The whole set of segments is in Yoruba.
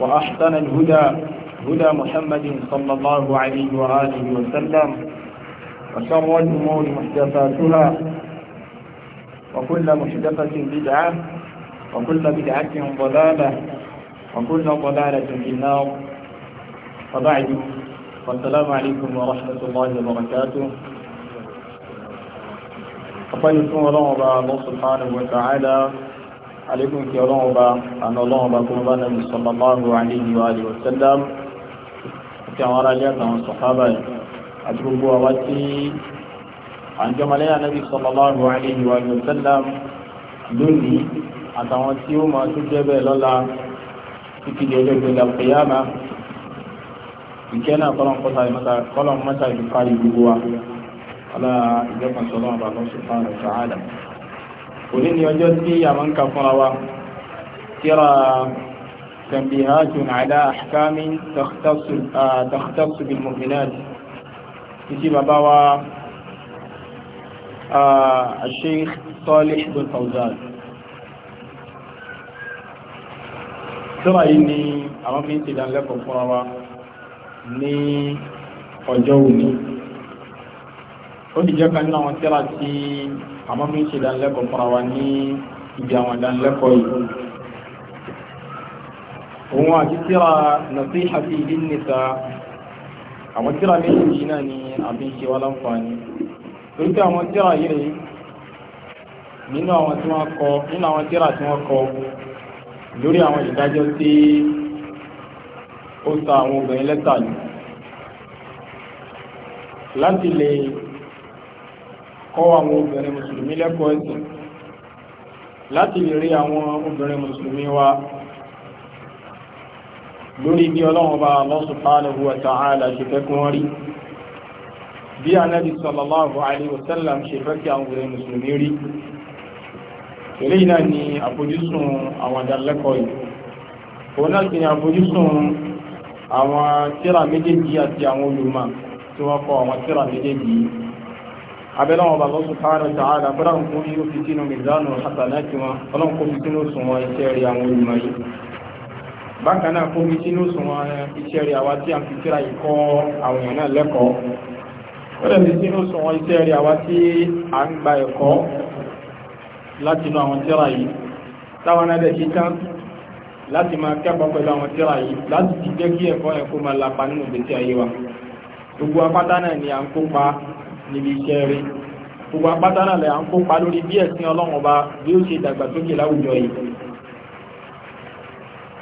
وأحسن الهدى هدى محمد صلى الله عليه وآله وسلم وشر الأمور محدثاتها وكل محدثة بدعة وكل بدعة ضلالة وكل ضلالة في النار وبعد والسلام عليكم ورحمة الله وبركاته أقول لكم الله سبحانه وتعالى àlékún kí ọlọ́run bá àna ọlọ́run bá kúrò bá nàbì sallallahu alaihi wa alihi wa sallam àti àwọn ará ilé àtàwọn sọ̀hábà yìí àti gbogbo àwa tí à ń jọmọlẹ́ ànábì sallallahu alaihi wa alihi wa sallam lónìí àtàwọn tí ó máa tún jẹ́ bẹ́ẹ̀ lọ́la títí di ọjọ́ ìgbéga kìyàmá ìkẹ́ náà kọ́lọ́n mọ́ta ìlú kárí gbogbo wa ọlá ìjọkan sọlọ́run bá lọ́sùn fáwọn ọ̀sán òní ni ọjọ́ tí a máa ń ka fúnra wa kíra tanbihatun ala ahkamin takhtassu bil mu'minat títí bàbá wa Sheikh Salih bin Fawzan tíra yìí ni àmọ́ bí ń ṣe ìdánilẹ́kọ̀ọ́ fúnra wa ní ibi àwọn ìdánilẹ́kọ̀ọ́ yìí òun àti tíra nasihati lin nisa àwọn tíra méjì náà ni àbí ń ṣe wá láǹfààní torí pé àwọn tíra yìí nínú àwọn tí wọ́n kọ nínú àwọn tíra tí wọ́n kọ lórí àwọn ìdájọ́ tí ó sa àwọn obìnrin lẹ́tà ní láti lè kọ́ àwọn obìnrin mùsùlùmí lẹ́kọ̀ọ́ ẹ̀sìn láti lè rí àwọn obìnrin mùsùlùmí wa lórí bí ọlọ́run bá Allah subhanahu wa ta'ala ṣe fẹ́ kún rí bí anábì sallallahu alaihi wasallam sallam ṣe fẹ́ kí àwọn obìnrin mùsùlùmí rí eré náà ni àfojúsùn àwọn ìdánilẹ́kọ̀ọ́ yìí òun náà sì ni àfojúsùn àwọn tíra méjèèjì àti àwọn olùmọ̀ tí wọ́n kọ àwọn tíra méjèèjì yìí abẹ́lẹ́ wọn bá lọ́sùn káàrọ̀ tààdà fúnra ń kó yíò fi sínú mìzánù hasanati wọn ọlọ́n kó fi sínú sùn wọn iṣẹ́ rí àwọn olùmọ̀ yìí bákan náà kó fi sínú sùn wọn iṣẹ́ rí àwa tí a fi kíra yìí kọ́ àwọn èèyàn náà lẹ́kọ̀ọ́ ó dẹ̀ fi sínú sùn wọn iṣẹ́ rí àwa tí a ń gba ẹ̀kọ́ láti inú àwọn tíra yìí táwọn náà dẹ̀ ṣe tán láti máa kẹ́kọ̀ọ́ pẹ̀lú àwọn tíra yìí láti ti jẹ́ kí ẹ̀kọ́ ẹ̀kọ́ ni à níbi iṣẹ́ rí gbogbo apátánà lẹ̀ à ń kópa lórí bí ẹ̀sìn ọlọ́run ọba bí ó ṣe dàgbàsókè láwùjọ yìí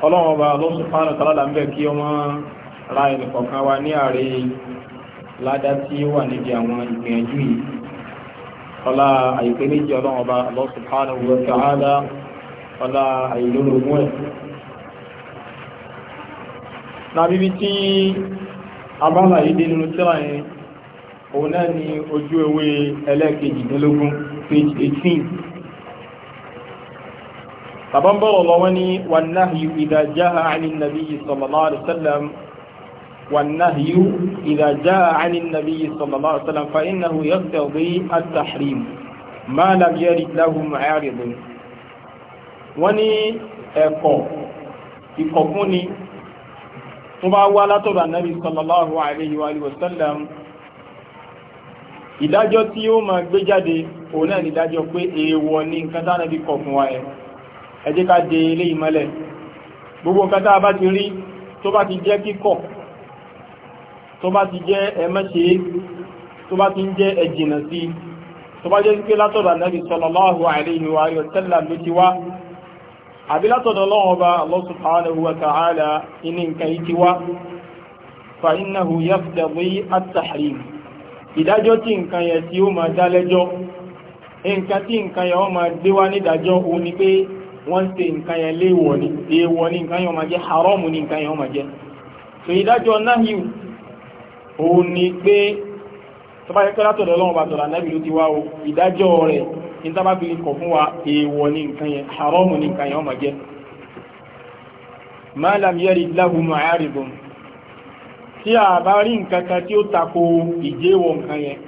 ọlọ́run ọba lọ́sù fánà tàlálà ń bẹ̀ kí ọmọ ra ẹnìkọ̀ọ̀kan wa ní ààrẹ ládá tí ó wà níbi àwọn ìgbìyànjú yìí ọlá àìpé méjì ọlọ́run ọba lọ́sù fánà wọ tàhálà ọlá àìlórogún ẹ̀ nàbíbi tí abala yìí dé nínú tíra yẹn òun náà ni ojú ewé ẹlẹ́ẹ̀kejìdínlógún page eighteen bàbá ń bọ̀rọ̀ lọ wọ́n ní wan nahyu idha jaa 'ani nabiyyi sallallahu alaihi wasallam wan nahyu idha jaa 'ani nabiyyi sallallahu alaihi wasallam fa innahu yaqtadi at-tahrim ma lam yarid lahu mu'aridun wọ́n ní ẹ̀kọ́ ìkọ̀kúnni tó ìdájọ́ tí ó máa gbé jáde òun náà nídájọ́ pé èèwọ̀ ní nǹkan tánà bí kọ̀ fún wa ẹ̀ ẹ jẹ́ ká de ilé ìmọ́lẹ̀ gbogbo nǹkan tá a bá ti rí tó bá ti jẹ́ kíkọ̀ tó bá ti jẹ́ ẹmẹ́ṣe tó bá ti ń jẹ́ ẹ̀jìnà sí tó bá jẹ́ pé látọ̀dọ̀ Ànábì sallallahu ìdájọ́ tí nǹkan yẹn tí ó máa dá lẹ́jọ́ nǹkan tí nǹkan yẹn ó máa gbé wá nídàájọ́ òun ni pé wọ́n ń ṣe nǹkan yẹn léèwọ̀ ni èèwọ̀ ni nǹkan yẹn ó máa jẹ́ haramu ni nǹkan yẹn ó máa jẹ́ so ìdájọ́ nahyu òun ni pé tó bá yẹ pé látọ̀dọ̀ ọlọ́run bá tọ̀dọ̀ ànábì ló ti wá o ìdájọ́ rẹ̀ ní tá bá fi kọ̀ fún wa èèwọ̀ ni nǹkan yẹn haramu ni nǹkan yẹn ó jẹ́ ma lam yarid tí a bá rí nǹkan kan tí ó tako ìjẹ́wọ̀ nǹkan yẹn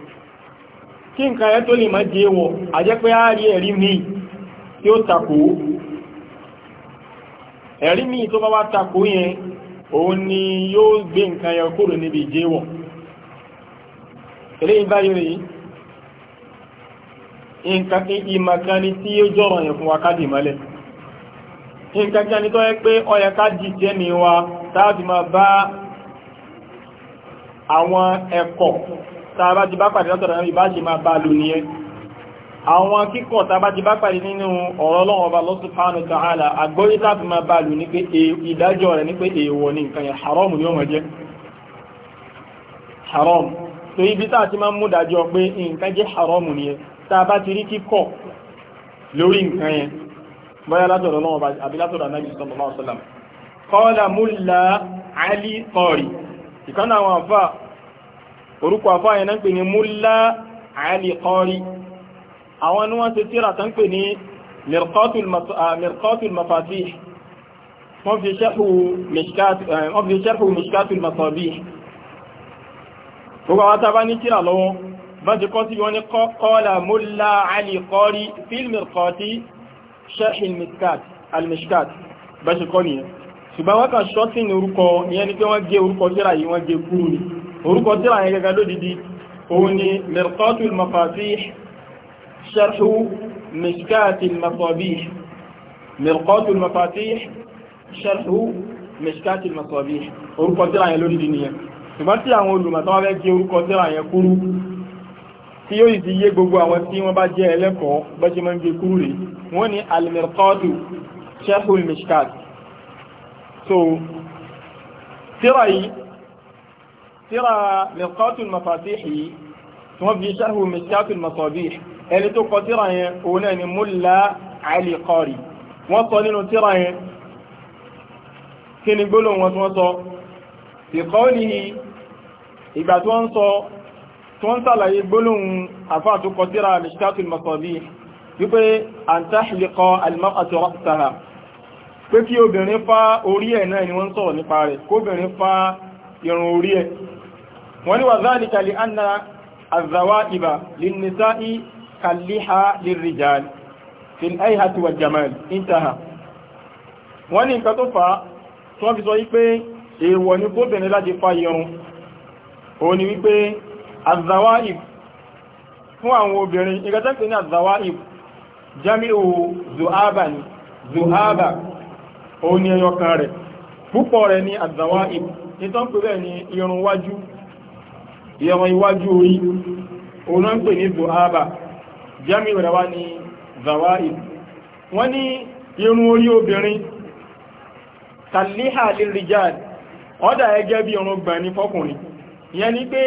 kí nǹkan yẹn tó lè má jẹ́wọ̀ a a rí ẹ̀rí míì tí ó tako ẹ̀rí míì tó bá wá tako yẹn òun ni yóò gbé nǹkan yẹn kúrò níbi ìjẹ́wọ̀ eléyìí báyìí rí nǹkan kí ìmọ̀kan ni tí ó jọ̀rọ̀ yẹn fún wa mọ́lẹ̀ nǹkan kí a ní tó yẹ pé ó ká wa táàbì máa bá àwọn ẹ̀kọ́ tàbá ti bá pàdé látọ̀dọ̀ náà ìbá ṣe máa bá lò ní ẹ àwọn kíkọ̀ tàbá ti bá pàdé nínú ọ̀rọ̀ Ọlọ́run Ọba Allah subhanahu wa ta'ala àgbọ́yé tàbí máa bá lò ní pé e, ìdájọ́ rẹ̀ ní pé èèwọ̀ ní nǹkan yẹn haram ni ó mọ̀ jẹ́ haram tó ibi tá ti máa mú dájọ́ pé nǹkan jẹ́ haram ni ẹ tàbá ti rí ìkánà àwọn àfà orúkọ àfà yẹn náà pè ní múlá àálì kọ́rí àwọn ni wọ́n ti tíra tán pè ní mirqatul mafatih wọ́n fi ṣẹ́hù mishkatul masabih gbogbo àwọn tàbá ní tíra lọ́wọ́ bá ti kọ́ sí wọ́n ní kọ́lá múlá àálì kọ́rí fil mirqati ṣùgbọ́n wọ́n kàn ṣọ́tì ní orúkọ ìyẹn ni pé wọ́n gé orúkọ tíra yìí wọ́n gé kúrú ni orúkọ tíra yẹn gẹ́gẹ́ lódìdí òun ni Mirqatul Mafatih sharhu mishkatil masabih Mirqatul Mafatih sharhu mishkatil masabih orúkọ tíra yẹn lódìdí nìyẹn ṣùgbọ́n tí àwọn olùmọ̀ tó fẹ́ gé orúkọ tíra yẹn kúrú so tíra yìí tíra Mirqatul Mafatih yìí tí wọ́n fi sharhu Mishkatul Masabih ẹni tó kọ tíra yẹn òun náà ni Mulla Ali Qari wọ́n sọ nínú tíra yẹn kí ni gbólóhùn wọn tí wọ́n sọ fi qawlihi ìgbà tí wọ́n sọ tí wọ́n sàlàyé gbólóhùn àfáà tó kọ tíra Mishkatul Masabih wípé an tahliqa al-mar'atu ra'saha pé kí obìnrin fá orí ẹ̀ náà ni wọ́n sọ̀rọ̀ nípa rẹ̀ kóbìnrin fá irun orí ẹ̀ wọ́n ni wà zalika li anna az-zawaiba lin-nisa'i kal-liha lir-rijal fil ayhati wal-jamal intaha wọ́n ni nǹkan tó fà á tí ni kóbìnrin láti fá irun ó ní wípé az-zawaib fún àwọn obìnrin ìgbẹ́tẹ́kì ní zuhaba òun ni ẹyọ kan rẹ̀ púpọ̀ rẹ̀ ni àdàwà ìtàn pè bẹ́ẹ̀ ni irun wájú ìyọ̀wọ̀n iwájú orí òun náà ń pè ní zohaba jami rẹ̀ wá ní zawa wọ́n ní irun orí obìnrin tàlíhà lè rijal ọ́dà ẹgẹ́ bí irun gbà ní fọ́kùnrin ìyẹn ni pé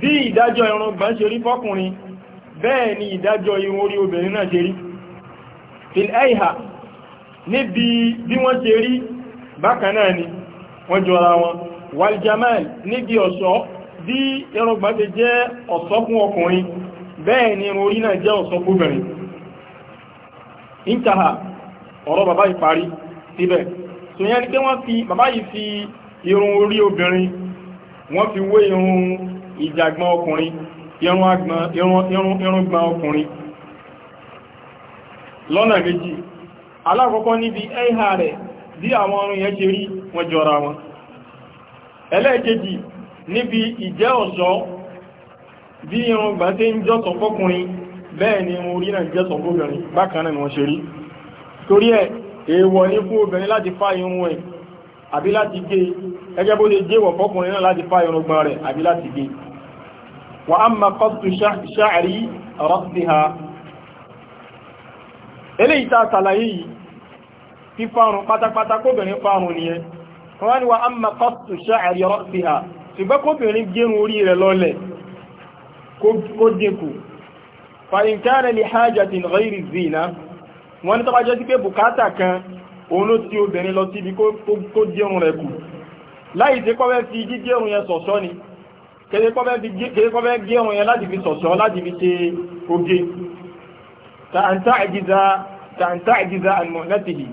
bí ìdájọ́ irun gbà ṣe rí fọ́kùnrin bẹ́ẹ̀ ni ìdájọ́ irun orí obìnrin náà ṣe rí níbi bí wọ́n ṣe rí bákan ni wọ́n jọra wọn waljamal níbi ọ̀ṣọ́ bí ẹrọgbà ti jẹ́ ọ̀ṣọ́ fún ọkùnrin bẹ́ẹ̀ ni orí náà jẹ́ ọ̀ṣọ́ fúnbẹ̀rẹ̀ intaha ọ̀rọ̀ bàbá yìí parí síbẹ̀ so yẹn ni pé wọ́n fi bàbá yìí fi irun orí obìnrin wọ́n fi wé irun ìjàgbọ́n ọkùnrin irun gbọ́n ọkùnrin lọ́nà méjì alákọ̀ọ́kọ́ níbi ẹ̀hà rẹ̀ bí àwọn ọrùn yẹn ṣe rí wọn jọra wọn ẹlẹ́ẹ̀kejì níbi ìjẹ́ ọ̀ṣọ́ bí irun gbà tí ń jọ́sọ̀ fọ́kùnrin bẹ́ẹ̀ ni irun orí náà jẹ́sọ̀ fóbìnrin bákan náà ni wọ́n ṣe rí torí ẹ̀ èèwọ̀ ní fún obìnrin láti fá irun ẹ̀ àbí láti gé ẹgẹ́ bó lè jẹ́wọ̀ fọ́kùnrin náà láti fá irun gbọ́n rẹ̀ àbí láti gé wa amma qattu sha'ri rasiha eléyìí tá a ṣàlàyé yìí fífarun pátápátá kóbìnrin farun nìyẹn wọ́n ní wa amma qastu sha'ri ra'siha ṣùgbọ́n kóbìnrin gẹ́rùn orí rẹ̀ lọ́lẹ̀ kó dínkù fa in kana li hajatin ghayri zina wọ́n ní tó bá jẹ́ sí pé bùkátà kan òun ló ti obìnrin lọ síbi kó gẹ́rùn rẹ̀ kù láì tí kọ́fẹ́ fi gígẹ́rùn yẹn sọ̀ṣọ́ ni kéré kọ́fẹ́ gẹ́rùn yẹn láti fi sọ̀ṣọ́ láti fi ṣe oge ta an ta'jiza an mu'natihi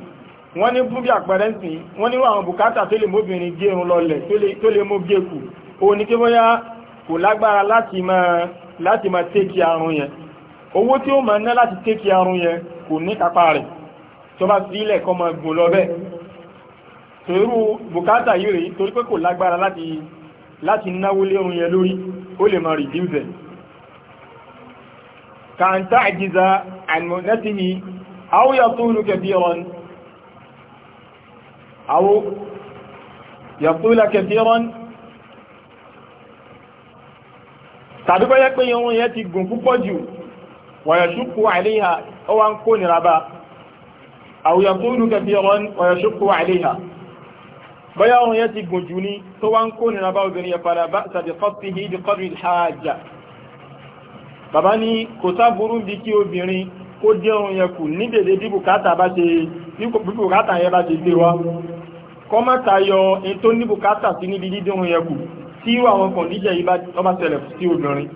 wọ́n ní fún bí àpẹẹrẹ ń sìn wọ́n nírú àwọn bùkátà tó lè móbìnrin gé irun lọlẹ̀ tó lè mú gé kù òun ni kí bóyá kò lágbára láti máa láti máa tẹ́kì àrùn yẹn owó tí ó máa ná láti tẹ́kì àrùn yẹn kò ní kápá rẹ̀ tó bá sí ilẹ̀ kọ́ máa gùn lọ bẹ́ẹ̀ tòrú bùkátà yìí rèé torí pé kò lágbára láti ọ̀rọ̀ أو يطول كثيرا tàbí bá yẹ pé irun yẹn عليها أو أنكون ربا أو àìléhà ó wá عليها kó nira bá àwòyàn tó lù kẹfì ọ̀rọ̀n wàyàṣùkú àìléhà bóyá irun yẹn ti gùn jù ní tó wá ń kó nira bá obìnrin yẹpàdà bá tàbí kọ́sí hì di kọ́rì hajjá bàbá ní kò sá burú bí kí obìnrin kó dé irun yẹn kù ní dèdè bí bùkátà yẹn bá ṣe gbé wá kọ́mọ́ta yọ ẹni tó ní bùkátà sí níbi dídùn yẹn kù tí àwọn kọ̀ndíṣẹ̀ yìí bá ṣẹlẹ̀ sí obìnrin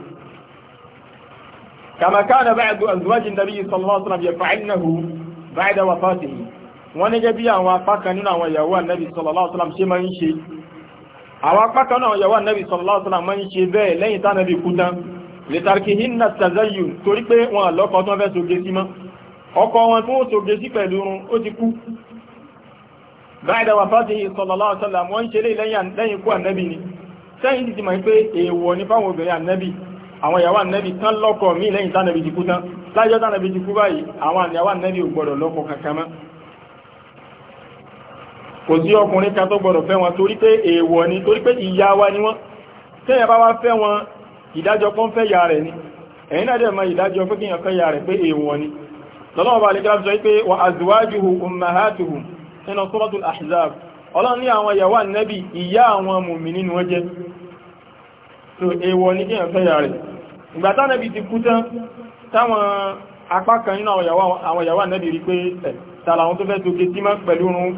kama kana ba'du azwaji nabi sallallahu alaihi wasallam yafa'alnahu ba'da wafatihi wọ́n ní gẹ́bí àwọn apákan nínú àwọn ìyàwó ànábì sallallahu alaihi wasallam ṣe máa ń ṣe àwọn apákan náà ìyàwó ànábì sallallahu alaihi wasallam máa ń ṣe bẹ́ẹ̀ lẹ́yìn tá ànábì kú tán litarkihinna tazayyun torí pé wọn àlọ́kọ tó fẹ́ soge sí mọ́ ọkọ wọn tó soge sí pẹ̀lú irun ó ti báyìí dáwà fásitì sallallahu alaihi wasallam wọ́n ń ṣe lẹ́yìn ikú ànábì ni sẹ́yìn ti ti mọ̀ pé èèwọ̀ ní fáwọn obìnrin ànábì àwọn ìyàwó ànábì tán lọ́kọ mí lẹ́yìn tánàbì ti kú tán lájọ́ tánàbì ti kú báyìí àwọn ìyàwó ànábì ò gbọ́dọ̀ lọ́kọ kankan mọ́ ni wa ni wọ́n nínú suratul ahzab ọlọ́run ní àwọn ìyàwó ànábì ìyá àwọn mùmínì ni wọ́n jẹ́ so èèwọ̀ ní kíyàn fẹ́ yà rẹ̀ ìgbà tánàbì ti kú tán táwọn apá kan nínú àwọn ìyàwó ànábì rí pé tààlà àwọn tó fẹ́ tó ké símá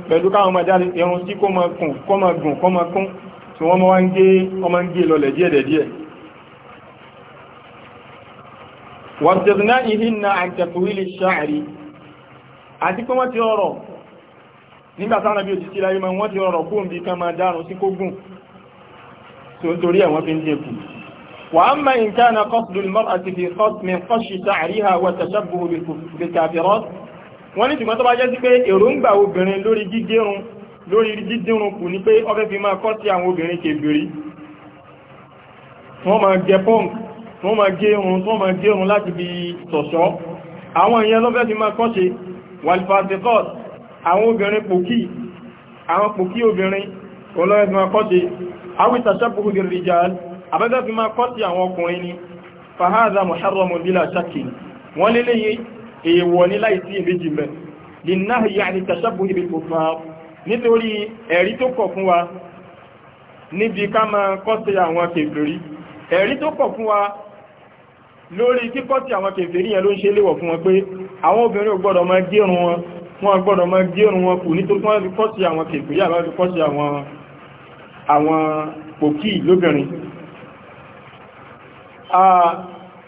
pẹ̀lú káwọn máa jáde irun sí kó máa kùn tí wọ́n máa ń àti pé ti ọ̀rọ̀ nígbà táwọn àbí òtítí láyé mọ́ wọ́n ti rọrọ̀ kó ń bí kan máa dárun sí kógùn tó ń torí ẹ̀wọ́n fi ń dẹ́kù wà á máa ń kánà kọ́sùdùn mọ́r àti fi kọ́sùmí kọ́ṣì tààríhà wà tàṣàbù bìkàfẹ́rọ́ wọ́n ní ṣùgbọ́n tó bá jẹ́ sí pé èròǹgbà obìnrin lórí gígérun lórí dídírun kù ní pé ọfẹ́ fi máa kọ́ sí àwọn obìnrin kèbìrí wọ́n máa gẹ pọ́ǹk wọ́n máa gé irun máa gé láti fi tọ̀ṣọ́ àwọn ìyẹn lọ́fẹ́ fi máa kọ́ ṣe wàlfàṣẹ́kọ́ọ̀tì àwọn obìnrin pòkí àwọn pòkí obìnrin olóòrùn ma kọ́tí awita sápùkù di rijal abẹ́gbẹ́ fi máa kọ́tí àwọn ọkùnrin ni fahaza muharramun bila shakki wọ́n lé léyìn èèwọ̀ ní láìsí ìbejì mẹ́ linnahi yani tashabbuhi bil kufar nítorí ẹ̀rí tó kọ̀ fún wa níbi ká máa kọ́tí àwọn kèfèrí ẹ̀rí tó kọ̀ fún wa lórí kíkọ́tí àwọn kèfèrí yẹn ló ń ṣe léwọ̀ fún wọn pé àwọn obìnrin ò gbọ́dọ̀ máa gérun wọn wọn gbọ́dọ̀ máa gẹ́rùn wọn kù nítorí wọ́n fi kọ́sí àwọn kèfèrí àbá fi kọ́sí àwọn pòkí lóbìnrin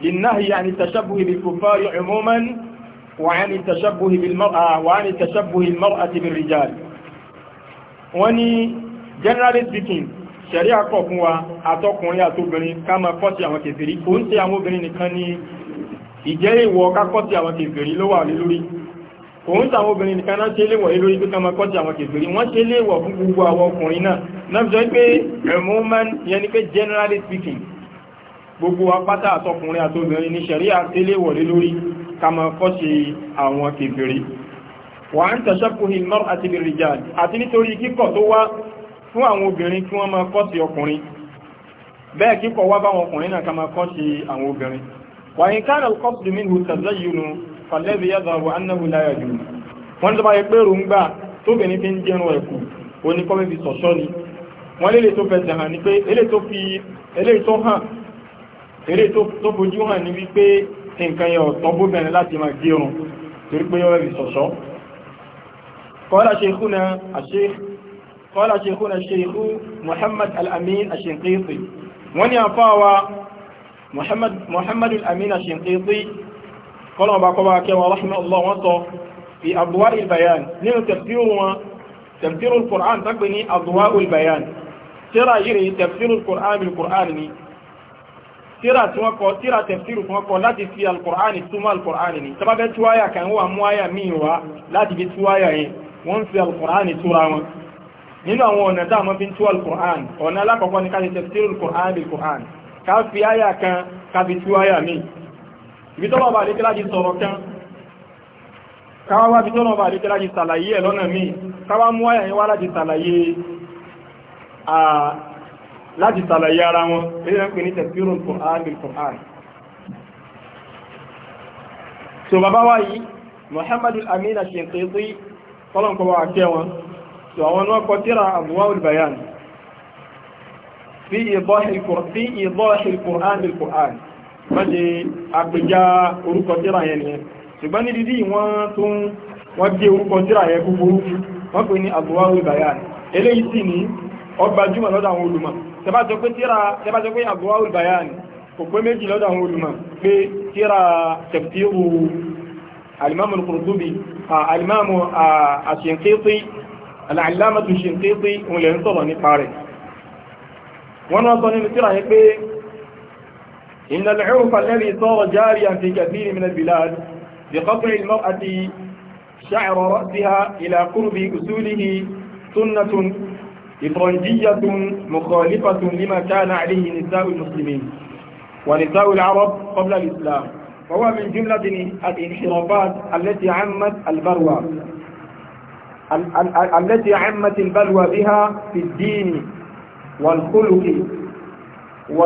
للنهي عن التشبه بالكفار عموما وعن التشبه بالمرأة وعن التشبه المرأة بالرجال وني generally speaking ṣẹ̀rí àkọ́ fún wa àtọkùnrin àtobìnrin ká máa kọ́sí àwọn kèfèrí kò ń ṣe àwọn obìnrin nìkan ni ìjẹ́ òun tàwọn obìnrin nìkan náà ṣe léwọ̀ lórí pé ká máa kọ́ tí àwọn kèfèrí wọ́n ṣe léwọ̀ fún gbogbo àwọn ọkùnrin náà náà fi pé ẹ̀mọ́mán yẹni pé generally speaking gbogbo apáta àtọkùnrin àtobìnrin ní ṣẹ̀rí àṣẹ léwọ̀ lórí ká máa kọ́ ṣe àwọn kèfèrí wà ń tàṣàkù hilmar àti birrijal àti nítorí kíkọ̀ tó wá fún àwọn obìnrin kí wọ́n máa kọ́ sí ọkùnrin bẹ́ẹ̀ kíkọ̀ wá báwọn ọkùnrin fàlẹ́bí yàtọ̀ annahu láyà jù wọ́n tó bá yẹ pé rúngbà tóbìnrin fi ń jẹun ẹ̀kù oníkọ́fẹ́ fi sọ̀ṣọ́ ni wọ́n lélè tó fẹsẹ̀ hàn ní pé eléyìí tó hàn eléyìí tó fojú hàn ní wípé nǹkan yẹn ọ̀tọ́ bóbìnrin láti máa gẹrun torí pé yọ́ fi sọ̀ṣọ́ kọ́lá sheikhuna kọ́lá sheikhuna sheikhu muhammad al-amin al-shinqiti wọ́n ni àfáwa muhammad al-amin al-shinqiti kọ́lọ̀mù bá kọ́bá kẹwàá rahma allah wọ́n sọ fi abuwa ilbayan nínú tafsiru wọn tafsiru qur'an tàbí ní abuwa ilbayan tíra yìí tafsiru qur'an bil qur'an ni tíra tí wọ́n kọ tíra tafsiru tí wọ́n kọ láti fi alqur'an túmọ̀ alqur'an ni tí wọ́n bẹ tú àyà kan wà mú àyà míì wá láti fi tú àyà yẹn wọ́n fi alqur'an túra wọn nínú àwọn ọ̀nà tá a mọ́ fi ń tú alqur'an ọ̀nà alákọ̀ọ́kọ́ ni ká ṣe tafsiru alqur'an bil qur'an ká fi àyà kan ká fi tú àyà ibi tọ́lọ̀ bá àdékẹ́lá ti sọ̀rọ̀ kan káwá wá ibi tọ́lọ̀ bá àdékẹ́lá ti sàlàyé ẹ̀ lọ́nà míì káwá mú àyà yẹn wá láti sàlàyé láti sàlàyé ara wọn èyí ń pè ní tẹ̀síìrùn Qur'an bil Qur'an so bàbá wa yìí Muhammadul Amin Ash-Shinqiti tọ́lọ̀ nǹkan wà kẹ́ wọn so àwọn náà kọ tíra Adwa'ul Bayan fi ìbọ́ ìkùrán bil Qur'an wọ́n ṣe àpèjá orúkọ tíra yẹn nìyẹn ṣùgbọ́n ní dídí wọ́n tún wọ́n gbé orúkọ tíra yẹn kúkúrú wọ́n pè ní àbúwáwé bàyà eléyìí sì ní ọgbà jùmọ̀ lọ́dọ̀ àwọn olùmọ̀ tẹ́bá sọ pé tíra tẹ́bá sọ pé àbúwáwé bàyà ni kò pé méjì lọ́dọ̀ àwọn olùmọ̀ pé إن العرف الذي صار جاريا في كثير من البلاد بقطع المرأة شعر رأسها إلى قرب أسوله سنة إفرنجية مخالفة لما كان عليه نساء المسلمين ونساء العرب قبل الإسلام فهو من جملة الانحرافات التي عمت البلوى التي عمت البلوى بها في الدين والخلق و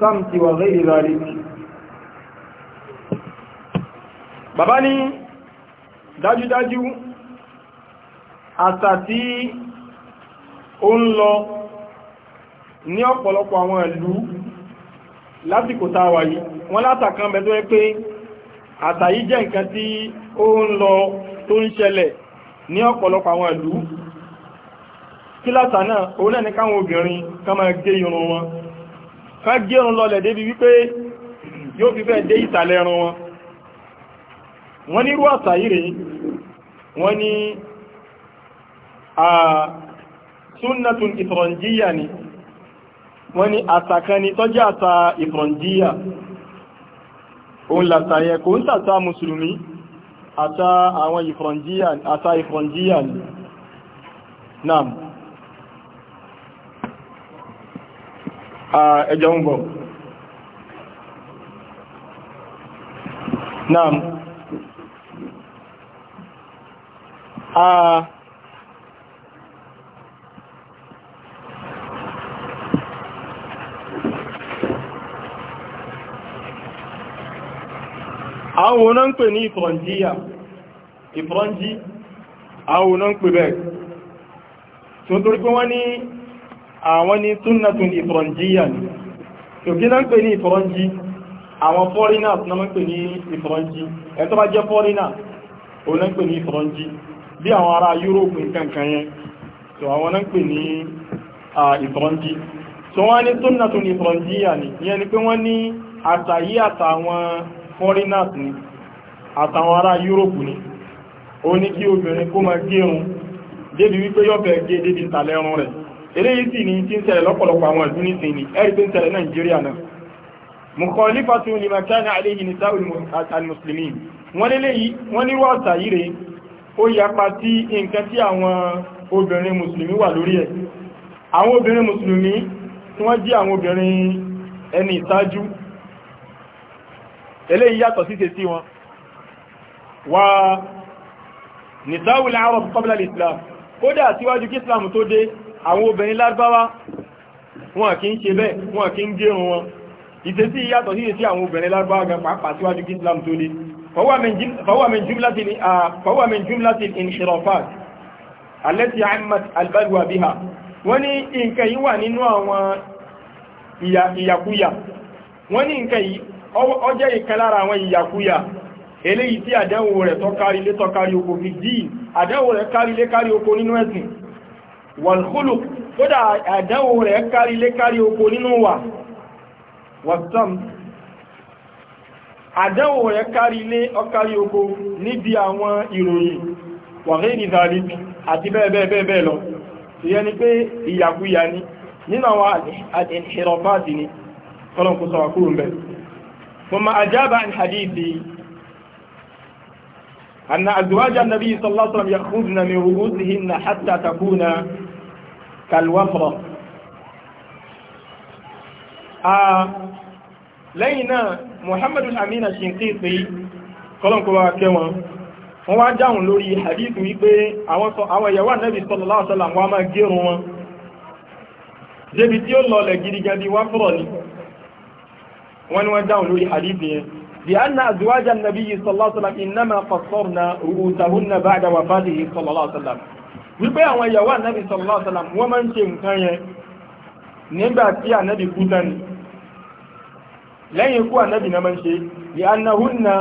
samti wa ghayri dhalik bàbá ní dájúdájú àṣà tí ó ń lọ ní ọ̀pọ̀lọpọ̀ àwọn ìlú lásìkò tá a wà yìí wọ́n látàkan bẹ̀ tó yẹ pé àṣà yìí jẹ́ nǹkan tí ó ń lọ tó ń ṣẹlẹ̀ ní ọ̀pọ̀lọpọ̀ àwọn ìlú kí kan máa gé irun wọn ká gẹ́rùn lọlẹ̀ débi wípé yóò fi fẹ́ dé ìsàlẹ̀ ẹran wọn wọ́n ní irú àṣà yìí rèé wọ́n ní sunnatun ìtọ̀rọ̀njíyà ni wọ́n ní àṣà kan ni tọ́jú àṣà ìtọ̀rọ̀njíyà òun làṣà kò ń sàṣà mùsùlùmí àṣà àwọn ìfọ̀rọ̀njíyà ni ẹjọ́ ń bọ̀ náà àwọn náà ń pè ní ìfọ̀njíyà ìfọ̀njí àwọn náà ń pè bẹ́ẹ̀ tí ó torí pé wọ́n ní àwọn ní sunnatun ìfọ̀rọ̀njíyà ni òkè náà ń pè ní ìfọ̀rọ̀njí àwọn foreigners náà ń pè ní ìfọ̀rọ̀njí ẹ̀ tó bá jẹ́ foreigners òun náà ń pè ní ìfọ̀rọ̀njí bí so àwọn náà ń pè so wọ́n ní sunnatun ni ìyẹn ni pé wọ́n ní àtàyí àtàwọn foreigners ni àtàwọn ará Europe ni ó ní kí obìnrin kó máa gé débi wípé yọ́fẹ́ gé e débi ìtàlẹ́run rẹ̀ eléyìí sì ní tí ń ṣẹlẹ̀ lọ́pọ̀lọpọ̀ àwọn ìlú nísìn ní ẹ̀rí tó ń ṣẹlẹ̀ Nàìjíríà náà mukhalifatu lima kana alayhi nisa'u al-muslimin wọ́n léléyìí wọ́n nírú àṣà yìí rèé ó yapa sí nǹkan tí àwọn obìnrin mùsùlùmí wà lórí ẹ̀ àwọn obìnrin mùsùlùmí tí wọ́n jí àwọn obìnrin ẹni ìsájú eléyìí yàtọ̀ síse sí wọn wà nisa'u al-arab qabla islam kódà síwájú kí islam tó dé àwọn obìnrin lárúbáwá wọn kì í ṣe bẹ́ẹ̀ wọn kì í gérun wọn ìṣesí yàtọ̀ sí ìṣesí àwọn obìnrin lárúbáwá gan pàápàá síwájú kí Islam tó lé fọwọ́ min jumlatin inhirafat alẹ́tì ahmed albalwa biha wọ́n ní nǹkan yìí wà nínú àwọn ìyàkúyà wọ́n ní nǹkan yìí ó jẹ́ ìkan lára àwọn ìyàkúyà eléyìí tí àdánwò rẹ̀ tọ́kárí lé tọ́kárí wàlúkúlù kódà àdánwò rẹ̀ kárí lé kárí oko nínú wà wàtàm àdánwò rẹ̀ kárí lé ọkárí oko níbi àwọn ìròyìn wàhẹ́ ìdàlí àti bẹ́ẹ̀bẹ́ẹ̀bẹ́ẹ̀ lọ ìyẹn ni pé ìyàkúyà ni nínú àwọn àdìhìrọ̀fáàdì ni kọ́lọ̀n kó sọ̀rọ̀ kúrò mẹ́ mọ̀mọ̀ àjábà ní hadithi anna azwaja nabi kàlùwàfọ̀ lẹ́yìn náà muhammadu amina ṣinkiti kọlọ̀kọwà kẹwọn wọ́n wá dáhùn lórí hadith wípé àwọn ìyàwó ànábì sallallahu alaihi wasallam wọ́n máa gẹ́rùn wọn débi tí ó lọlẹ̀ gidigan bí wọ́n fọ́rọ̀ أزواج النبي صلى الله عليه وسلم إنما قصرنا بعد وفاته صلى الله عليه وسلم wípé àwọn ìyàwó ànábì sallallahu alaihi wasallam wọ́n máa ń ṣe nǹkan yẹn nígbà tí ànábì kú tán ni lẹ́yìn ikú ànábì náà máa ń ṣe li annahunna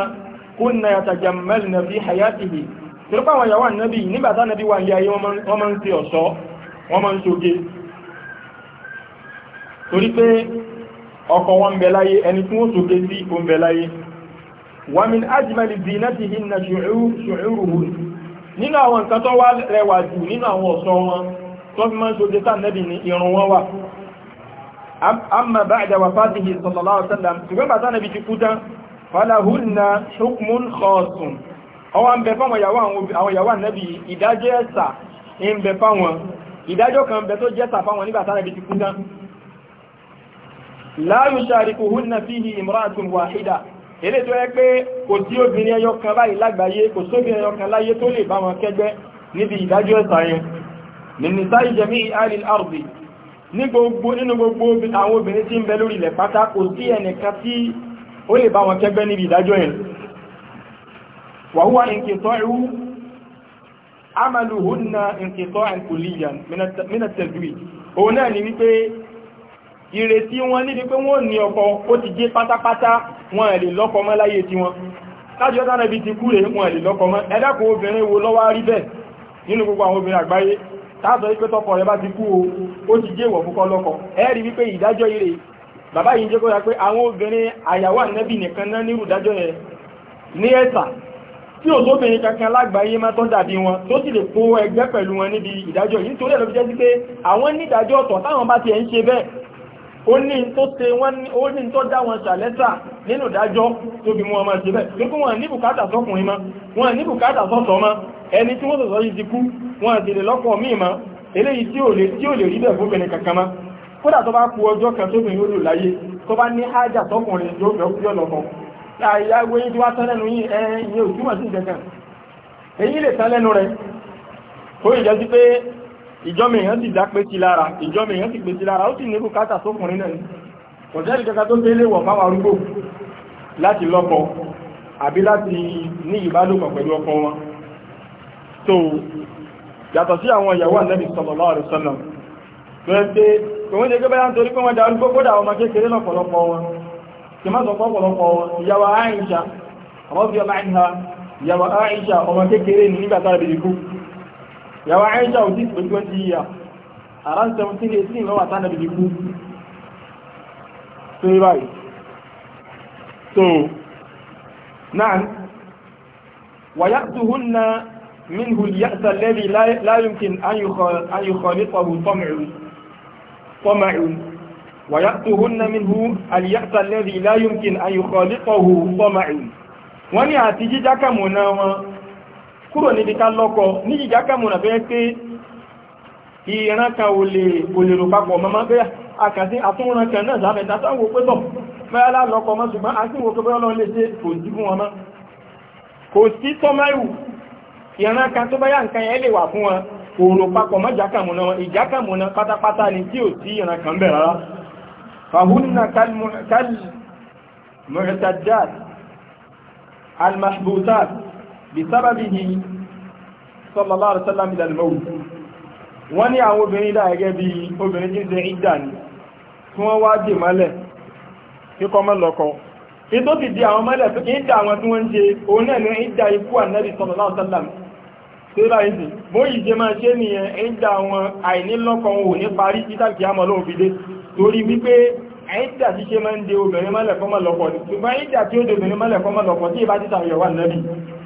kunna yatajammalna fi hayatihi torípé àwọn ìyàwó ànábì nígbà tí ànábì wà ní ayé wọ́n máa ń ṣe ọ̀ṣọ́ wọ́n máa ń ṣoge torí pé ọkọ wọn ń láyé ẹni tí wọ́n ṣoge sí ó ń bẹ láyé wa min ajmali zinatihinna shu'uruhun nínú àwọn nǹkan tó wá rẹwà jù nínú àwọn ọ̀ṣọ́ wọn tó fi máa ń ṣojú sáà nẹ́bì ní irun wọn wà amma ba'da wafatihi sallallahu alaihi wasallam ṣùgbọ́n bàtà nẹ́bì ti kú tán falahunna hukmun khasun ọwọ́ ń bẹ fáwọn ìyàwó nẹ́bì ìdájọ́ ẹ̀sà ń bẹ fáwọn ìdájọ́ kan bẹ tó èlé tó yẹ pé kò tí obìnrin ẹyọ kan báyìí lágbàáyé kò sóbìnrin ẹyọ kan láyé tó lè bá wọn kẹgbẹ́ níbi ìdájọ́ ẹ̀sà yẹn nìmísá ìjẹmí àlè àrùbí ní gbogbo nínú gbogbo àwọn obìnrin tí ń bẹ lórí ilẹ̀ pátá kò sí ẹnìkan tí ó lè bá wọn kẹgbẹ́ níbi ìdájọ́ yẹn wàhúwa ìkìtọ́ ìrú amaluhunna ìkìtọ́ ìkùlíyàn mínà tẹ̀lú ìrètí wọn níbi pé wọ́n ní ọkọ ó ti gé pátápátá wọn lè lọ́kọ mọ́ láyé tí wọn láti ọ̀tá rẹ̀ bí ti kú rẹ̀ wọn lè lọ́kọ mọ́ ẹ dákun obìnrin wo lọ́wọ́ rí bẹ́ẹ̀ nínú gbogbo àwọn obìnrin àgbáyé táàtọ̀ wípé tọkọ rẹ̀ bá ti kú o ó ti gé ìwọ̀ fúkọ́ lọ́kọ ẹ rí wípé ìdájọ́ ire bàbá yìí jẹ́ kó yà pé àwọn obìnrin àyàwó ànẹ́bì nìkan náà nírú ìdájọ́ yẹn ní ẹ̀sà tí ò tóbìnrin kankan lágbàáyé má tọ́ dàbí wọn tó sì lè kó ẹgbẹ́ pẹ̀lú wọn níbi ìdájọ́ yìí nítorí ẹ̀ lọ fi jẹ́ sí pé àwọn nídàájọ́ ọ̀tọ̀ táwọn bá ti ẹ̀ ń ṣe bẹ́ẹ̀ ó ní tó ṣe wọ́n ó ní tó dá wọn ṣàlẹ́sà nínú ìdájọ́ tó bí mú ọmọ síbẹ̀ tó kún wọn ní bùkátà sọkùnrin mọ́ wọn ní bùkátà sọ́sọ́ mọ́ ẹni tí wọ́n sọ̀sọ́ yìí ti kú wọn sì lè lọ́kọ̀ míì mọ́ eléyìí tí ò lè rí bẹ́ẹ̀ fóbìnrin kankan mọ́ kódà tó bá ku ọjọ́ kan tó bìnrin olù láyé tó bá ní hájà sọkùnrin ìjọmọ̀ èèyàn ti dá pé ti lára ìjọmọ̀ èèyàn ti pé ti lára ó sì nírú kátà sókùnrin náà kò jẹ́rì kẹta tó tẹ́lẹ̀ wọ̀ fáwọn arúgbó láti lọ́kọ àbí láti ní ìbálòpọ̀ pẹ̀lú ọkọ wọn so yàtọ̀ sí àwọn ìyàwó ànẹ́bì sallallahu alaihi wasallam tó ẹ́ pé òun jẹ́ gbẹ́bẹ́ láti torí pé wọ́n darúgbó kódà ọmọ kékeré lọ́pọ̀lọpọ̀ wọn kì má sọ pọ̀pọ̀lọpọ̀ wọn ìyàwó Àìṣà radiyallahu anha ìyàwó Àìṣà yàwó Aisha ò tí pẹ̀lú twenty years around seventeen eighteen lọ́wọ́ àtàlẹ́ bìbí kú tó yẹ báyìí so náà wàyà tuhun na minhu yàtà lẹ́bi láyùnkìn ayùkọ̀lẹ́pọ̀ tọ́mẹ̀rún ويأتهن منه اليأس الذي لا يمكن أن يخالطه طمع wọ́n ní àti jíjákàmù náà wọn kúrò níbi ká lọ́kọ ní ìjà kàmùnà bẹ́ẹ̀ pé ìran kan ò lè kò lè rò papọ̀ mọ́mọ́ bẹ́ẹ̀ àkàtí àtúnran kan náà sáfẹ́ dásáwò pé tọ̀ mẹ́rẹ́lá lọ́kọ mọ́ ṣùgbọ́n a sì wò pé bẹ́ẹ̀ ọlọ́run lè ṣe kò sí fún wọn mọ́ kò sí tọ́mẹ́rù ìran kan tó báyà nǹkan yẹn lè wà fún bisababihi sallallahu alaihi wasallam ila al-maut wọ́n ní àwọn obìnrin da gẹ́gẹ́ bí obìnrin tin ṣe idda ni tún wọ́n wá dè mọ́lẹ̀ kí ko mo lọ́kọ e to ti di àwọn mọ́lẹ̀ to kin da àwọn tún wọ́n ṣe o na ni idda ikú annabi sallallahu alaihi wasallam ṣe ra yin mo yi je ma ṣe nìyẹn idda àwọn àìní lọ́kọ wọn ò ní parí ti ta ki amo lohun fi de torí wípé àìdà tí ṣe máa ń de obìnrin mọ́lẹ̀ fọ́mọ́ ṣùgbọ́n àìdà tí ó de obìnrin mọ́lẹ̀ fọ́mọ́ tí ìbá yọ̀wà nẹ́bí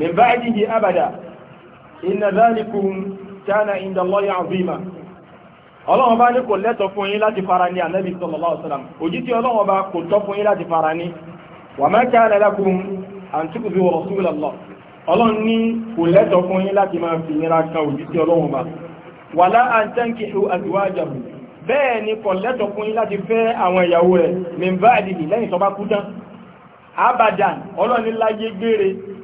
min ba'dihi abada inna dhalikum kana inda Allahi azima ọlọ́run bá ní kò lẹ́tọ̀ fún yín láti fara ní ànábì sallallahu alaihi wasallam òjítí ọlọ́run bá kò tọ́ fún yín láti fara ní wa ma kana lakum an tu'dhu rasulallah ọlọ́run ní kò lẹ́tọ̀ fún yín láti máa fi nira kan òjítí ọlọ́run bá wala an tankihu azwajahu bẹ́ẹ̀ ni kò lẹ́tọ̀ fún yín láti fẹ́ àwọn ìyàwó rẹ̀ min ba'dihi lẹ́yìn tó bá kú tán abadan ọlọ́run ní láyé gbére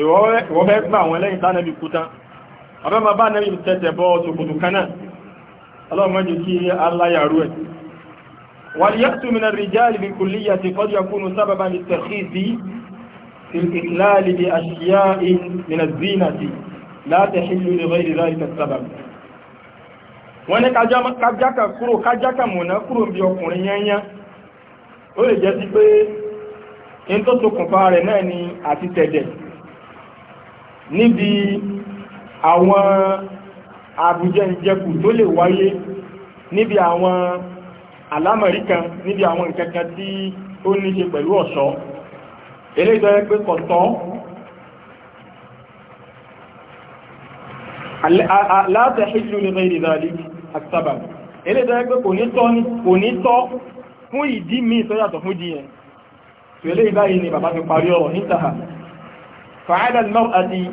ìwọ́ fẹ́ gbà àwọn ẹlẹ́yìn tánàbí kú tán ọ̀fẹ́ ma bá nẹ́bí tẹ́tẹ̀ bọ́ ṣòkòtò kanáà ọlọ́mọdé kí aláyàrú ẹ̀ wàlíyàtù mìíràn ríjáàlì bí kùlíyà ti kọ́ yakúnu sábàbá ní tẹ̀kìsí ìkìláàlì bí àṣíyá mìíràn zínàtì láti ṣílú lè rẹ̀ ìrà ìtẹ̀ sábàb wọ́n jẹ́ sí pé in tó ṣokùnfà rẹ̀ náà ni àti tẹ̀dẹ̀ níbi àwọn àbújẹ ìjẹkù tó lè wáyé níbi àwọn alámọ̀rí kan níbi àwọn ìkẹ́kẹ́ tí ó ní ṣe pẹ̀lú ọ̀ṣọ́ eléyìí tó yẹ pé kọ̀tọ́ láti ṣíjú ní rẹ̀ ìdàlí àtàbà eléyìí tó yẹ pé kò ní tọ́ fún ìdí mi tó yàtọ̀ fún díẹ̀ tó eléyìí báyìí ni bàbá fi parí ọ̀rọ̀ níta فعلى المرأة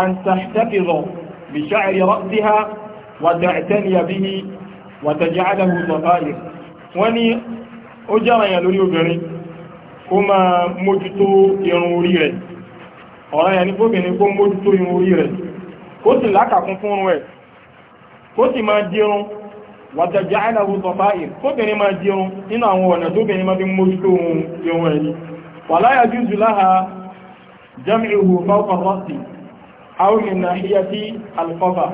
أن تحتفظ بشعر رأسها وتعتني به وتجعله ضفائر وني أجرى يا لولي أجري كما مجتو ينوري ري ọ̀rọ̀ yẹn ni fóbìnrin kó mójútó irun orí rẹ̀ kó sì lákàkún fún irun ẹ̀ kó sì máa dírun wàtàjà àìláwò sọ̀fà ì fóbìnrin máa dírun nínú àwọn ọ̀nà tóbìnrin máa fi mójútó irun ẹ̀ ni wàláyà jùzù láha جمعه فوق الرأس أو من ناحية القفا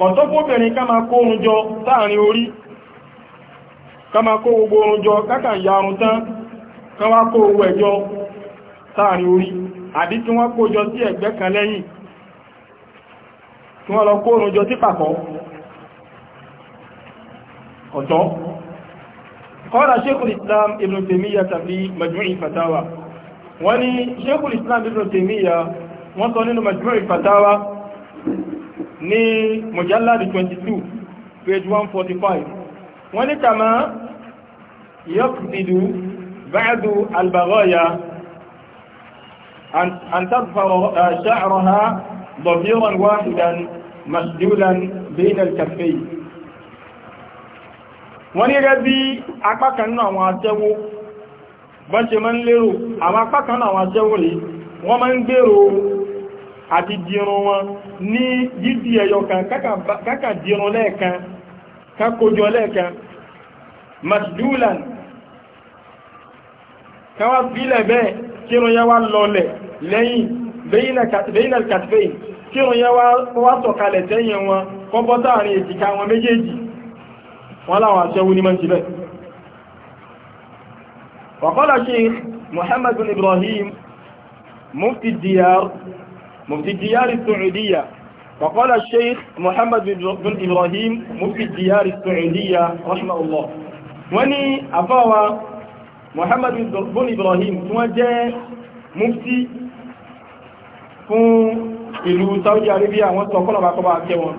kọ̀tọ́kọ́ obìnrin ká máa kó oòrùn jọ sáàrin orí ká máa kó gbogbo oòrùn jọ kákà ìyarun tán ká wá kó owó ẹjọ́ sáàrin orí àbí tí wọ́n kó jọ sí ẹ̀gbẹ́ kan lẹ́yìn tí wọ́n lọ kó oòrùn jọ sí pàkọ́ ọ̀tọ̀ قال شيخ الإسلام ابن تيمية في مجموع الفتاوى wọ́n ní Sheikhul Islam Ibn Taymiyyah wọ́n sọ nínú Majmu' Fatawa ní mujalladi 22 page 145 wọ́n ní kama yaqsidu ba'du al-baghaya an tadfara uh, sha'raha ضفيرا واحدا مسجولا بين الكفين wọ́n ní gẹ́gẹ́ bí apá kan àwọn atẹ́wó bọ́n ṣe mọ́ ń lérò àwọn apákan àwọn aṣẹ́wò wọ́n mọ́ ń gbèrò àti dìrún wọn ní dídí ẹyọ kan kákà dìrún lẹ́ẹ̀kan kákójọ lẹ́ẹ̀kan masdulan káwà fílẹ̀ bẹ́ẹ̀ kírun yẹ wá lọlẹ̀ lẹ́yìn bẹ́yìn alkatfẹ́ kírun yẹ wá sọ̀kalẹ̀ tẹ́yìn wọn وقال شيخ محمد بن إبراهيم مفتي الديار مفتي الديار السعودية وقال الشيخ محمد بن إبراهيم مفتي الديار السعودية رحمه الله وني أفاوى محمد بن إبراهيم وجاء مفتي fún ìlú Saudi Arabia wọ́n sọ kọ́lọ̀ bá kọba àkẹ́ wọn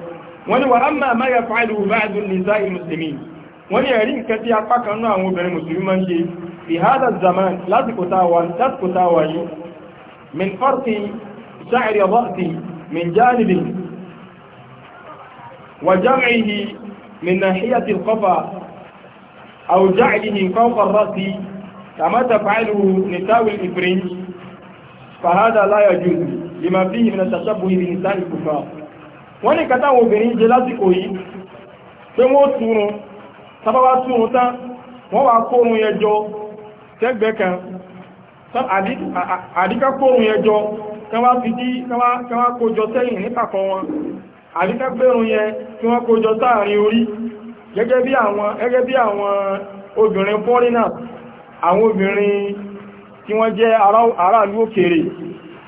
wọ́n ni wà á máa máa yà fàílù báàdùn nìsáì mùsùlùmí wọ́n ni ẹ̀rí nǹkan tí apá kan náà àwọn obìnrin mùsùlùmí máa ń ṣe في هذا الزمان لازم تاوى لازم تاوى من فرط شعر رأسي من جانب وجمعه من ناحية القفا أو جعله فوق الرأس كما تفعله نساء الإفرنج فهذا لا يجوز لما فيه من التشبه بنساء الكفار wọ́n ní kàtà àwọn obìnrin jẹ lásìkò yìí pé wọ́n túnrún sábábá túnrún tán wọ́n wá kórun yẹjọ́ sẹ́gbẹ̀ẹ́ kan àdíkákòrò jọ kẹwàá fi dí kẹwàá kójọ wọn àdíkákòrò yẹ kí wọ́n kójọ sáàrin orí gẹ́gẹ́ bí àwọn obìnrin fọ́rínà àwọn obìnrin tí wọ́n jẹ́ aráàlú òkèrè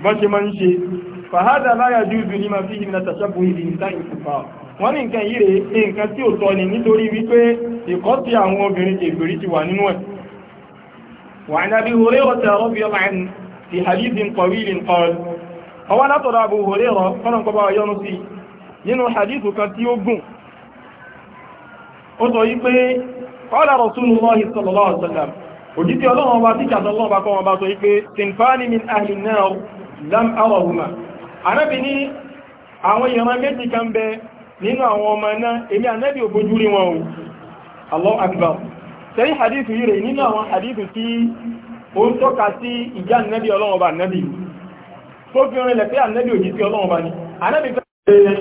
bọ́n ṣe fi ìrìnà tàṣàbù wọ́n ní nǹkan yìí nǹkan tí ò tọ́ ni nítorí wípé ìkọ́ àwọn wà nínú ẹ̀ وعن أبي هريرة رضي الله عنه في حديث طويل قال هو نطر أبو هريرة فلن قبع ينسي ينو حديث كتيوب وطيب قال رسول الله صلى الله عليه وسلم وجيت الله وباتيك عبد الله بكم وباتيك سنفان من أهل النار لم أرهما أنا بني àwọn ìran méjì kan bẹ nínú àwọn ọmọ náà èmi ànẹ́bì òbójú rí wọn o Allah akbar sẹ́yìn hadithu yìí rẹ̀ nínú àwọn hadithu tí ó ń tọ́ka sí ìjà nẹ́bí ọlọ́run ọba nẹ́bí tó fi rìnlẹ̀ pé ànẹ́bí òjì sí ọlọ́run ọba ni ànẹ́bí fẹ́ ṣe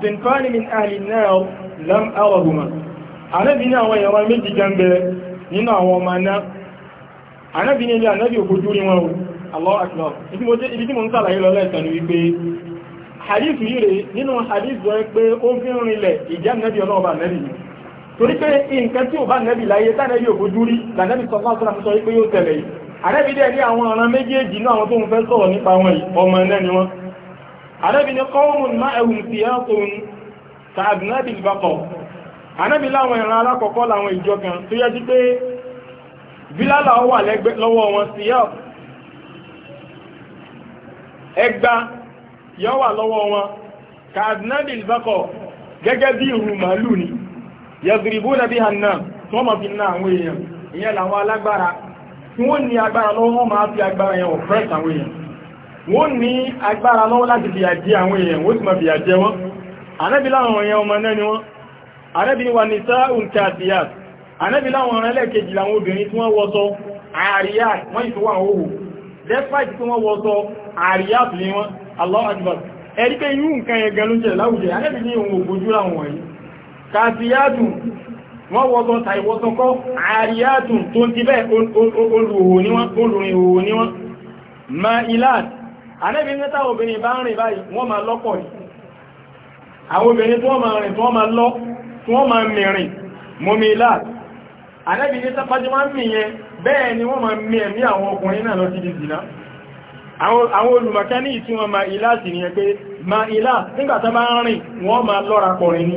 sinfani min ahli náà lam arahuma ànẹ́bí ní àwọn èèyàn méjì gẹ́gẹ́ nínú àwọn ọmọ náà ànẹ́bí ní ilé ànẹ́bí òfojú rí wọn o Allah akbar ibi tí mo ń sàlàyé lọ lẹ́ẹ̀kan ni wípé hadithu yìí rẹ̀ nínú hadithu rẹ̀ pé ó fi rìnlẹ̀ ìjà nẹ́bí ọlọ́run nẹ́bí torí pé nǹkan tí ò bá nẹ́bì láyé tánẹ́bì ò bójú rí lànẹ́bì sọ fún àtúnṣe sọ pé yóò tẹ̀lé yìí àrẹ́bì dẹ̀ ní àwọn ọ̀ràn méjèèjì náà àwọn tó ń fẹ́ sọ̀rọ̀ nípa wọn ọmọ ẹ̀nẹ́ ni wọ́n àrẹ́bì ní kọ́wọ́mùn má ẹ̀hùn sí ẹ́sùn tàbí bakọ̀ àrẹ́bì láwọn ẹ̀ràn alákọ̀ọ́kọ́ làwọn ìjọ kan tó yẹ sí pé bílálà wà lọ́wọ́ wọn sí ẹgbà yọ wà lọ́wọ́ wọn kàdínàbì bakọ̀ gẹ́gẹ́ bí ìrù màálù ni yaziribu nàbí hànà naa! wọ́n ma fi ná àwọn èèyàn ìyẹn làwọn alágbára wọ́n ní agbára lọ́wọ́ máa fi agbára yẹn oppress àwọn èèyàn wọ́n ní agbára lọ́wọ́ láti fi àjẹ́ àwọn èèyàn ma fi àjẹ́ wọn anẹ́bí láwọn èèyàn ọmọ náà ni wọ́n kàfíyàtùn wọ́n wọ́tọ̀ tàìwọ́tọ̀kọ́ àríyàtùn tó ti bẹ́ olùrìn òhò ní wọ́n ma ilat anẹ́bí nẹ́ta obìnrin bá ń rìn báyìí wọ́n ma lọ́pọ̀ ní àwọn obìnrin tó ma rìn tó ma lọ tó ma mìrìn mọ́mí ilat anẹ́bí nẹ́ta pàjọ máa ń mìyẹn bẹ́ẹ̀ ni wọ́n ma mì ẹ̀mí àwọn ọkùnrin náà lọ sí di zina àwọn olùmọ̀kẹ́ ní ìtumọ̀ ma ilat ni pé ma ilat nígbàtà bá ń rìn wọ́n ma lọ́ra kọrin ni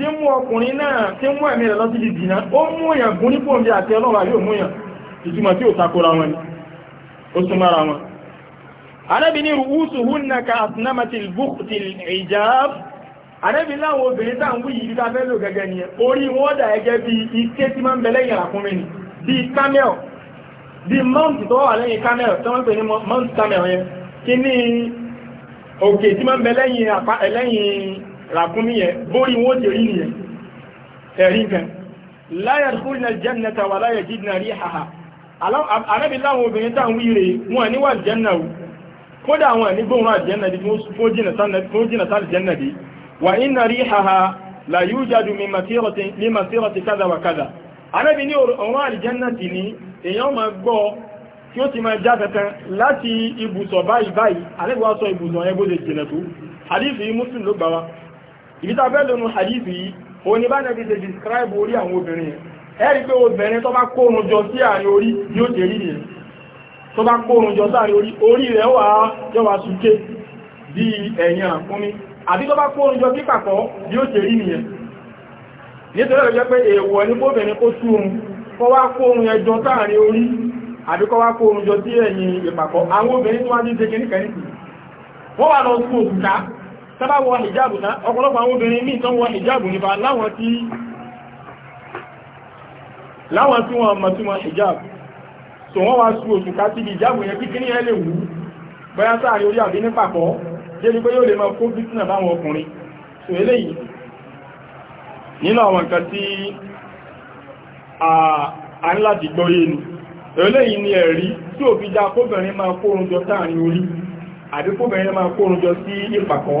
tí mú ọkùnrin náà tí mú ẹ̀mí rẹ̀ lọ sí ìdìnà ó mú èèyàn gún nípò oúnjẹ àti ọlọ́run àbí òmú èèyàn ìtumọ̀ tí ó takora wọn ni ó súnmọ́ ara wọn anábì ní rúúsù hún na ka àtúnámàtì bukti ìjáàb anábì láwọn obìnrin tá ń wí yìí tá fẹ́ ni orí wọn dà gẹ́gẹ́ bí ike tí máa ń bẹ ràkúnmí yẹn bórí wọ́n ti rí nìyẹn ẹ̀rí kan láyà kúrìnà jẹ́nẹta wà láyà jìdìnà rí haha alábi láwọn obìnrin tá à ń wí rè wọn níwà jẹ́nà o kódà àwọn ànígbóhùn àjẹ́nà di fún jìnà sáà jẹ́nà di wà iná rí haha la yóò jáde ní masírọ̀tì kádà wà kádà alábi ní ọ̀rọ̀ àjẹ́nà ti ní èèyàn máa gbọ́ tí ó ti máa já tẹ̀tẹ̀ láti ibùsọ̀ báyìí báyìí alábi wá sọ ibùsọ̀ yẹn ibi tá a fẹ́ lónú hadithi o ní bá nẹ́bí ṣe describe orí àwọn obìnrin ẹ̀ rí pé obìnrin tó bá kóòrùn jọ sí àárín orí yóò ṣe rí rẹ̀ tó bá kóòrùn jọ sáàrin orí orí rẹ̀ wà jọba súnké bí ẹ̀yìn àkúnmí àti tó bá kóòrùn jọ sí pàkọ́ yóò ṣe rí nìyẹn nítorí ọ̀rọ̀ jẹ́ pé èèwọ̀ ní bóbìnrin kó túrun kọ́ wá kóòrùn ẹjọ sáàrin tàbá wọ hijabu náà ọ̀pọ̀lọpọ̀ àwọn obìnrin ní bụ wọ hijabu nípa láwọn láwọn tí wọ́n mọ̀túnmọ̀ hijabu so wọ́n wá sú oṣù ká sí hijabu yẹn kíkí ní ẹ wú bóyá sáàrí orí àbí ní pàpọ̀ jẹ́ ní pé yóò lè máa kó bítínà láwọn ọkùnrin so eléyìí a máa jọ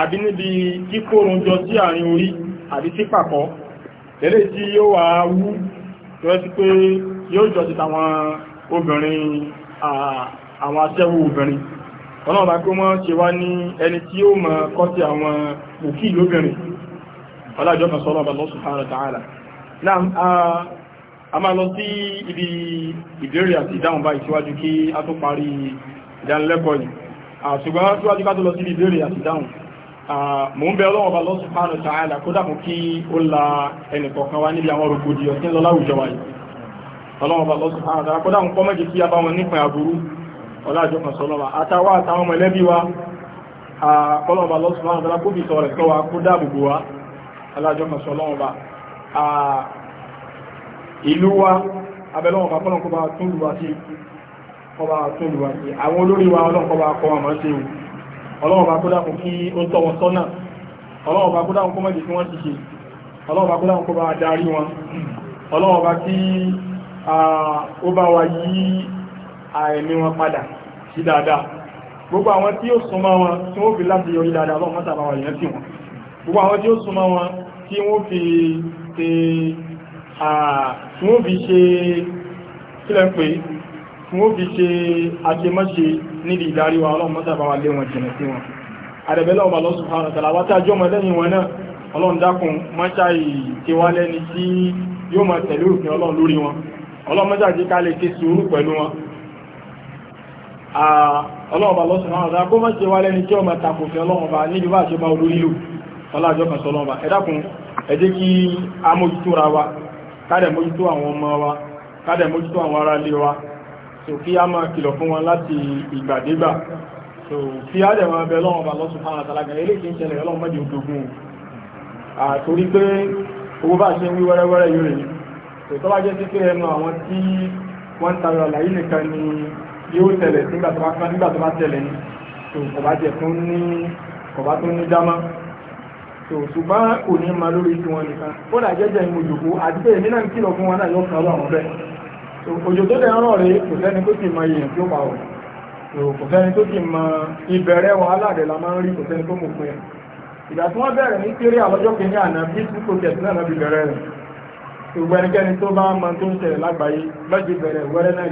àbí níbi kíkórun jọ sí àárín orí àbí sí pàkọ́ tẹ́lẹ̀ tí yóò wá wú tó ẹ́ sí pé yóò jọ ti tàwọn obìnrin àwọn aṣẹ́wó obìnrin ọlọ́run bá kó mọ́ ṣe wá ní ẹni tí ó mọ̀ kọ́ sí àwọn òkì lóbìnrin ọlájọ́ kan a máa lọ sí ibi ìbéèrè àti ìdáhùn báyìí síwájú kí a tó parí ìdánilẹ́kọ̀ọ́ yìí àṣùgbọ́n síwájú ká tó lọ sí ìbéèrè àti ìdáhùn mo ń bẹ ọlọ́wọ́ bá Allah subhanahu wa ta'ala kó dàkún kí ó la ẹnìkọ̀ọ̀kan wá níbi àwọn rògbòdì ọ̀sìn lọ láwùjọ wáyé ọlọ́wọ́ bá Allah subhanahu wa kó dàkún kọ́ mẹ́jì sí abáwọn nípa àbúrú ọlájọ́ kan sọlọ́wà àtàwà àtàwọn mọ̀lẹ́bí wa kọ́lọ́wọ́ bá kó sọ ọlọ́wọ́ bá kó dákun kí ó tọ́ wọn sọ́nà ọlọ́wọ́ bá kó dákun kó mọ́jì kí wọ́n ti ṣe ọlọ́wọ́ bá kó dákun kó bá darí wọn ọlọ́wọ́ bá kí ó bá wa yí àìní wọn padà sí dáadáa gbogbo àwọn tí ó súnmọ́ wọn tí wọ́n fi láti yọrí dáadáa ọlọ́wọ́ mọ́ta bá wà yẹn sí wọn gbogbo àwọn tí ó súnmọ́ wọn tí wọ́n fi ṣe tí wọ́n fi ṣe kílẹ̀ níbi ìdarí wa ọlọ́run mọ́sàbá wa lé wọn jìnà sí wọn àdẹ̀bẹ̀lẹ̀ ọba lọ́sùn fara tàlà wá tá jọmọ lẹ́yìn wọn náà ọlọ́run dákun mọ́ṣá lẹ́ni tí yóò máa tẹ̀lé òfin ọlọ́run lórí wọn ọlọ́run jẹ́ ká lè ké sùúrù pẹ̀lú wọn ọlọ́run ọba fara kó so kí a máa kìlọ̀ fún wọn láti ìgbàdégbà so kí a dẹ̀ máa bẹ lọ́wọ́ bá lọ́sùn fún àwọn àtàlágà ilé kí ń ṣẹlẹ̀ ọlọ́run mọ́jì ògbógún àtorí pé owó bá ṣe ń wí wẹ́rẹ́wẹ́rẹ́ so tó bá jẹ́ sí pé ẹnu àwọn tí wọ́n ń tayọ àlàyé nìkan ni so kò bá jẹ́ fún ní so ṣùgbọ́n kò ní máa lórí tiwọn nìkan ó dà jẹ́jẹ́ ìmojòkó àti pé èmi náà ń kìlọ̀ fún wọn náà yóò kàrọ̀ àwọn bẹ́ẹ̀ òjò tó dẹ̀rán rẹ̀ kò sẹ́ni tó ti mọ èèyàn tí ó pa ọ̀rọ̀ kò tó ìbẹ̀rẹ̀ wàhálà rẹ̀ la máa ń rí kò sẹ́ni tó mọ̀ pé ìgbà tí wọ́n bẹ̀rẹ̀ ní kéré àlọ́jọ́ kìíní àná bí bẹ̀rẹ̀ rẹ̀ ẹnikẹ́ni tó bá tó ń lágbàáyé lọ́jọ́ bẹ̀rẹ̀ wẹ́rẹ́ náà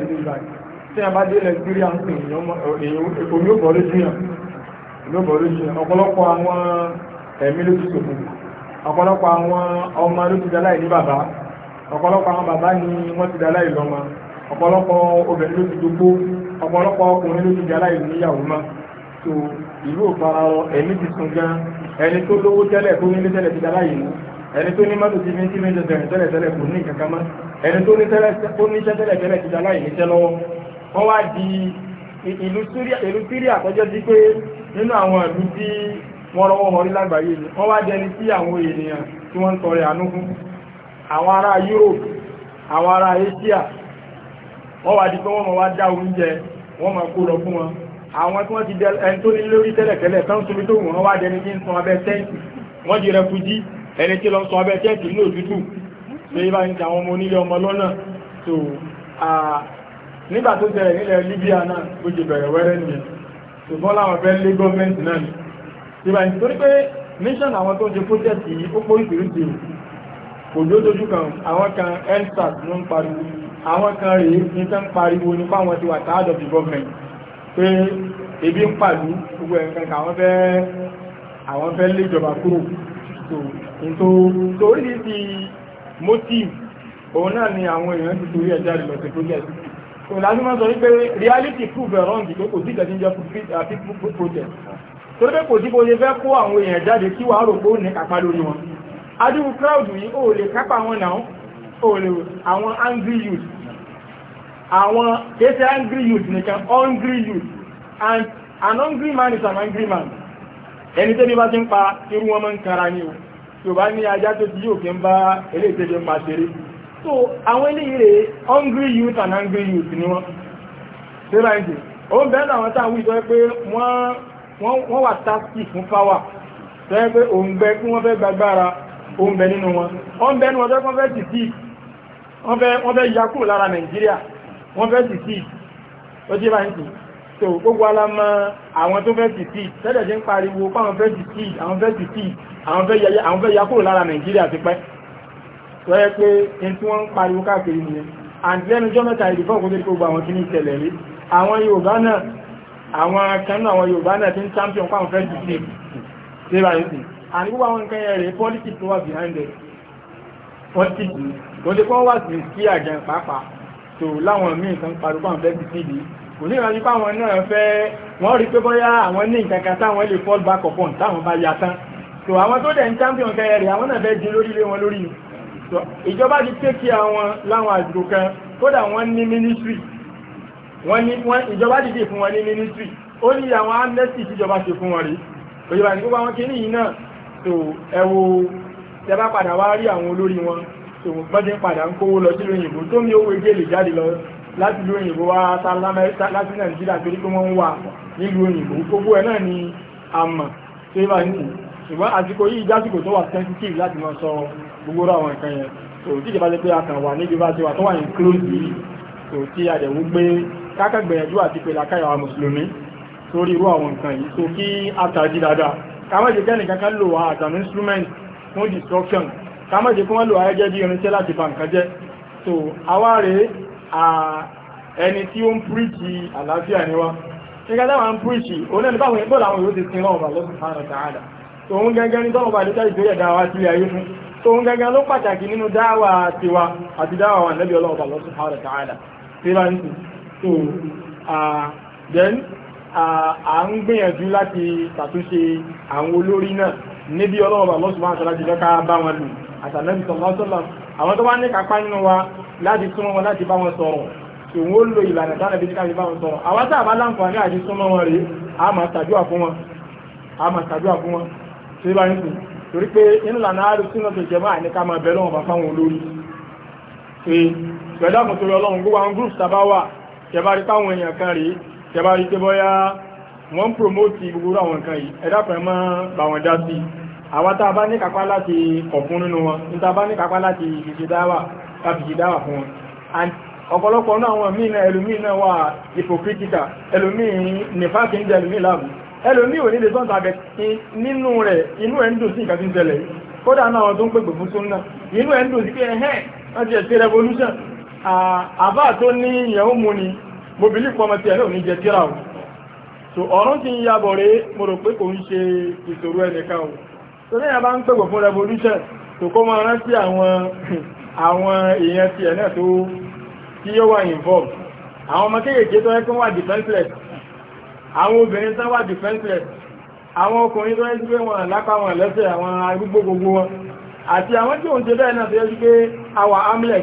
ìlú ìgbà ọ̀pọ̀lọpọ̀ àwọn bàbá ni wọ́n ti dáláì lọ́mọ ọ̀pọ̀lọpọ̀ obìnrin ló ti dúpó ọ̀pọ̀lọpọ̀ ọkùnrin ló ti dáláì níyàwó má so ìlú òpara ẹ̀mí ti sun gan ẹni tó lówó tẹ́lẹ̀ tó nílé tẹ́lẹ̀ ti dáláì mú ẹni tó ní mọ́tò ti fi tí méjì bẹ̀rẹ̀ tẹ́lẹ̀ tẹ́lẹ̀ kò ní kankan mọ́ ẹni tó ní iṣẹ́ tẹ́lẹ̀ tẹ́lẹ̀ ti dáláì níṣẹ́ lọ́wọ́ wọ́n wá di ìlú Síríà tọ́jọ́ sí pé nínú àwọn ìlú tí wọ́n rọwọ́ wọrí lágbàáyé wọ́n wá jẹni sí àwọn ènìyàn tí wọ́n ń tọrẹ àánú fún àwọn ará Europe àwọn ará Asia wọ́n wá di pé wọ́n mọ̀ wá dá oúnjẹ wọ́n mọ̀ kó lọ fún wọn àwọn tí wọ́n ti dẹ ẹni tó ní lórí tẹ́lẹ̀tẹ́lẹ̀ tán sómi tó wọ́n wá dẹni tí ń sun abẹ́ tẹ́ǹtì wọ́n di rẹfújí ẹni tí lọ sun abẹ́ tẹ́ǹtì ní òtútù ṣe ibà ń ta àwọn ọmọ onílé ọmọ lọ́nà tó nígbà tó tẹ̀lẹ̀ nílẹ̀ Libya náà ó ti bẹ̀rẹ̀ wẹ́rẹ́ nìyẹn ṣùgbọ́n láwọn fẹ́ lé gọ́ọ̀mẹ́ntì náà ni ìbà nítorí pé mission àwọn tó ń ṣe project yìí ó pọ̀ ìpìrìtì òjò dojú kan àwọn kan endsars ló ń pariwo àwọn kan rèé ní tán pariwo ní fáwọn ti wà tired of the government pé ebi ń pàlú gbogbo ẹ̀kan káwọn fẹ́ àwọn fẹ́ léjọba kúrò tó rí ti motive òun náà ni àwọn èèyàn ti torí ẹja rẹ̀ lọ́sẹ̀ project kò lásìkò máa sọ wípé reality prove wrong pé kò sí ìtẹ̀sí uh, project torí pé kò sí bó ṣe fẹ́ kó àwọn èèyàn jáde kí wàá rò pé ó ní kápá lórí wọn adúrú kíláùdù yìí ó lè kápá wọn náà ó lè àwọn angry youth àwọn kéèsì angry youth nìkan hungry youth and an hungry man is an angry man ẹni tẹ́bí bá ti ń pa irú wọn máa ń kara ní o tí ó bá ní ajá tó ti yóò kí ń bá eléyìí tẹ́bí ń pa ṣeré so àwọn eléyìí rè hungry youth and angry youth ni wọn ṣé báyìí ṣe òun bẹ́ẹ̀ náà wọ́n táwọn ìjọ pé wọ́n wà tasky fún power tẹ́ pé òun gbẹ kí wọ́n fẹ́ gbàgbára ó ń bẹ nínú wọn ó ń bẹ nínú ọjọ́ kan fẹ́ sì sí wọ́n fẹ́ ya kúrò lára nàìjíríà wọ́n fẹ́ sì sí ó jẹ́ báyìí sí so gbogbo alamọ àwọn tó fẹ́ sì sí tẹ́lẹ̀ tí ń pariwo fáwọn fẹ́ sì sí àwọn fẹ́ sì sí àwọn fẹ́ ya kúrò lára nàìjíríà ti pẹ́ tó yẹ pé in tí wọ́n ń pariwo káàkiri nìyẹn and lẹ́nu jọ́ mẹ́ta ìdìfọ́ kó tó ti gbogbo àwọn kí ní ìṣẹ̀lẹ̀ rí àwọn yorùbá náà àwọn kanú àwọn yorùbá náà ti àríwá wọn nǹkan ẹ̀rẹ̀ politics ló wà behind it politics ló lè kọ́ wà sí kí àjẹ́ pàápàá tó láwọn míì kan parúkọ àwọn fẹ́ẹ́ ti di kò ní ìrántí páwọn náà fẹ́ wọ́n rí pé bóyá àwọn ní nǹkan kan táwọn lè fall back upon táwọn bá ya tán tó àwọn tó dẹ̀ ń champion kan ẹ̀rẹ̀ àwọn náà fẹ́ di lórílẹ̀ wọn lórí ìjọba ti tẹ́kì àwọn láwọn àdúgbò kan kódà wọ́n ní ministry wọ́n ní wọ́n ìjọba dìde fún wọn ní ministry ó ní àwọn amnesty tíjọba ṣe fún wọn rí òyìnbá ní gbogbo àwọn kìnnìyàn náà so ẹwo tẹ bá padà wá rí àwọn olórí wọn so gbọ́dẹ̀ padà ń kówó lọ sí lóyìnbó tó ní owó egéèlè jáde lọ láti lóyìnbó wá láti nàìjíríà torí pé wọ́n ń wà nílùú òyìnbó gbogbo ẹ̀ náà ni àmà tó yẹ bá ní ṣùgbọ́n àsìkò yìí jásìkò tó wà sensitive láti máa sọ gbogbo àwọn nǹkan yẹn so tí ìjọba ti pé a kàn wà níbi bá ti wà tó wà ní close yìí so tí a dẹ̀wú gbé kákàgbẹ̀yẹ̀dú àti pé làkàyà wa mùsùlùmí torí irú àwọn nǹkan yìí so kí a tàjí dáadáa káwọn jẹ́ jẹ́ nìkan kan lò wá àtàmì instrument fún destruction káwọn jẹ́ kí wọ́n lò wá gẹ́gẹ́ bí irinṣẹ́ láti bà nǹkan jẹ́ so àwa rèé ẹni tí ó ń píríkì àlàáfíà ni wá nígbà táwọn ń píríkì òun náà ní báwọn ẹgbẹ́ làwọn yóò ti sin lọ́wọ́ Allah subhanahu wa ta'ala so òun gẹ́gẹ́ ní tọ́wọ́ bàdé tá ìgbéyà dáwà sílé ayé fún so òun gẹ́gẹ́ ló pàtàkì nínú dáwà a ń gbìyànjú láti ṣàtúnṣe àwọn olórí náà níbi ọlọ́run Allah subhanahu wa ta'ala ti fẹ́ ká bá wọn lù àtàlẹ́bí sallallahu alaihi wasallam àwọn tó bá ní kápá nínú wa láti súnmọ́ wọn láti bá wọn sọ̀rọ̀ òun ó lo ìlànà tánà bí a máa ṣàdúrà a máa ṣàdúrà fún wọn tí ó bá ń sìn torí pé nínú ìlànà àrùn sínú tó jẹ máa ní ká máa bẹ̀rẹ̀ wọn bá fáwọn olórí pé pẹ̀lú àkùntorí ọlọ́run gbogbo àwọn gúrùpù sábà wà jẹba táwọn èèyàn kan rèé tẹba rí pé bọ́yá wọ́n promote gbogbo àwọn nǹkan yìí ẹ̀dàpẹ̀ mọ́ bà wọ́n já sí àwọn tá a bá ní kápá láti kọ̀fún nínú wọn ní tá a bá ní kápá láti ṣe dáwà láti ṣe dáwà fún wọn and ọ̀pọ̀lọpọ̀ náà àwọn míì náà ẹlòmíì náà wà hypocritical ẹlòmíì nífàkì ń jẹ ẹlòmíì láàbù ẹlòmíì ò ní lè sọ́ǹtà bẹ̀ nínú rẹ̀ inú ẹ̀ ń dùn sí nǹkan tí ń tẹ̀lẹ̀ kódà náà àwọn tó ń pèpè fún súnmọ́ inú ẹ̀ ń dùn sí pé ẹ̀hẹ́ wọ́n ti ẹ̀ sí revolution àbá tó ní ìyẹ̀wò mú ni mo bìlí pọmọ tí ẹ náà ní jẹ tíra o so ọ̀run ti ń yabọ̀ rẹ mo rò pé kò ń ṣe ìṣòro ẹnìkan o so ní àbá ń pẹ̀gbọ̀ fún revolution tó kó máa rántí àwọn àwọn èèyàn tí ẹ tó tí yóò wà involved àwọn ọmọ kéèkéé tó yẹ kí wọ́n wà defenseless àwọn obìnrin tán wà defenseless àwọn ọkùnrin tó yẹ sí pé wọn lápá wọn lẹ́sẹ̀ àwọn arúgbó gbogbo wọn àti àwọn tí òun ṣe bẹ́ẹ̀ náà tó yẹ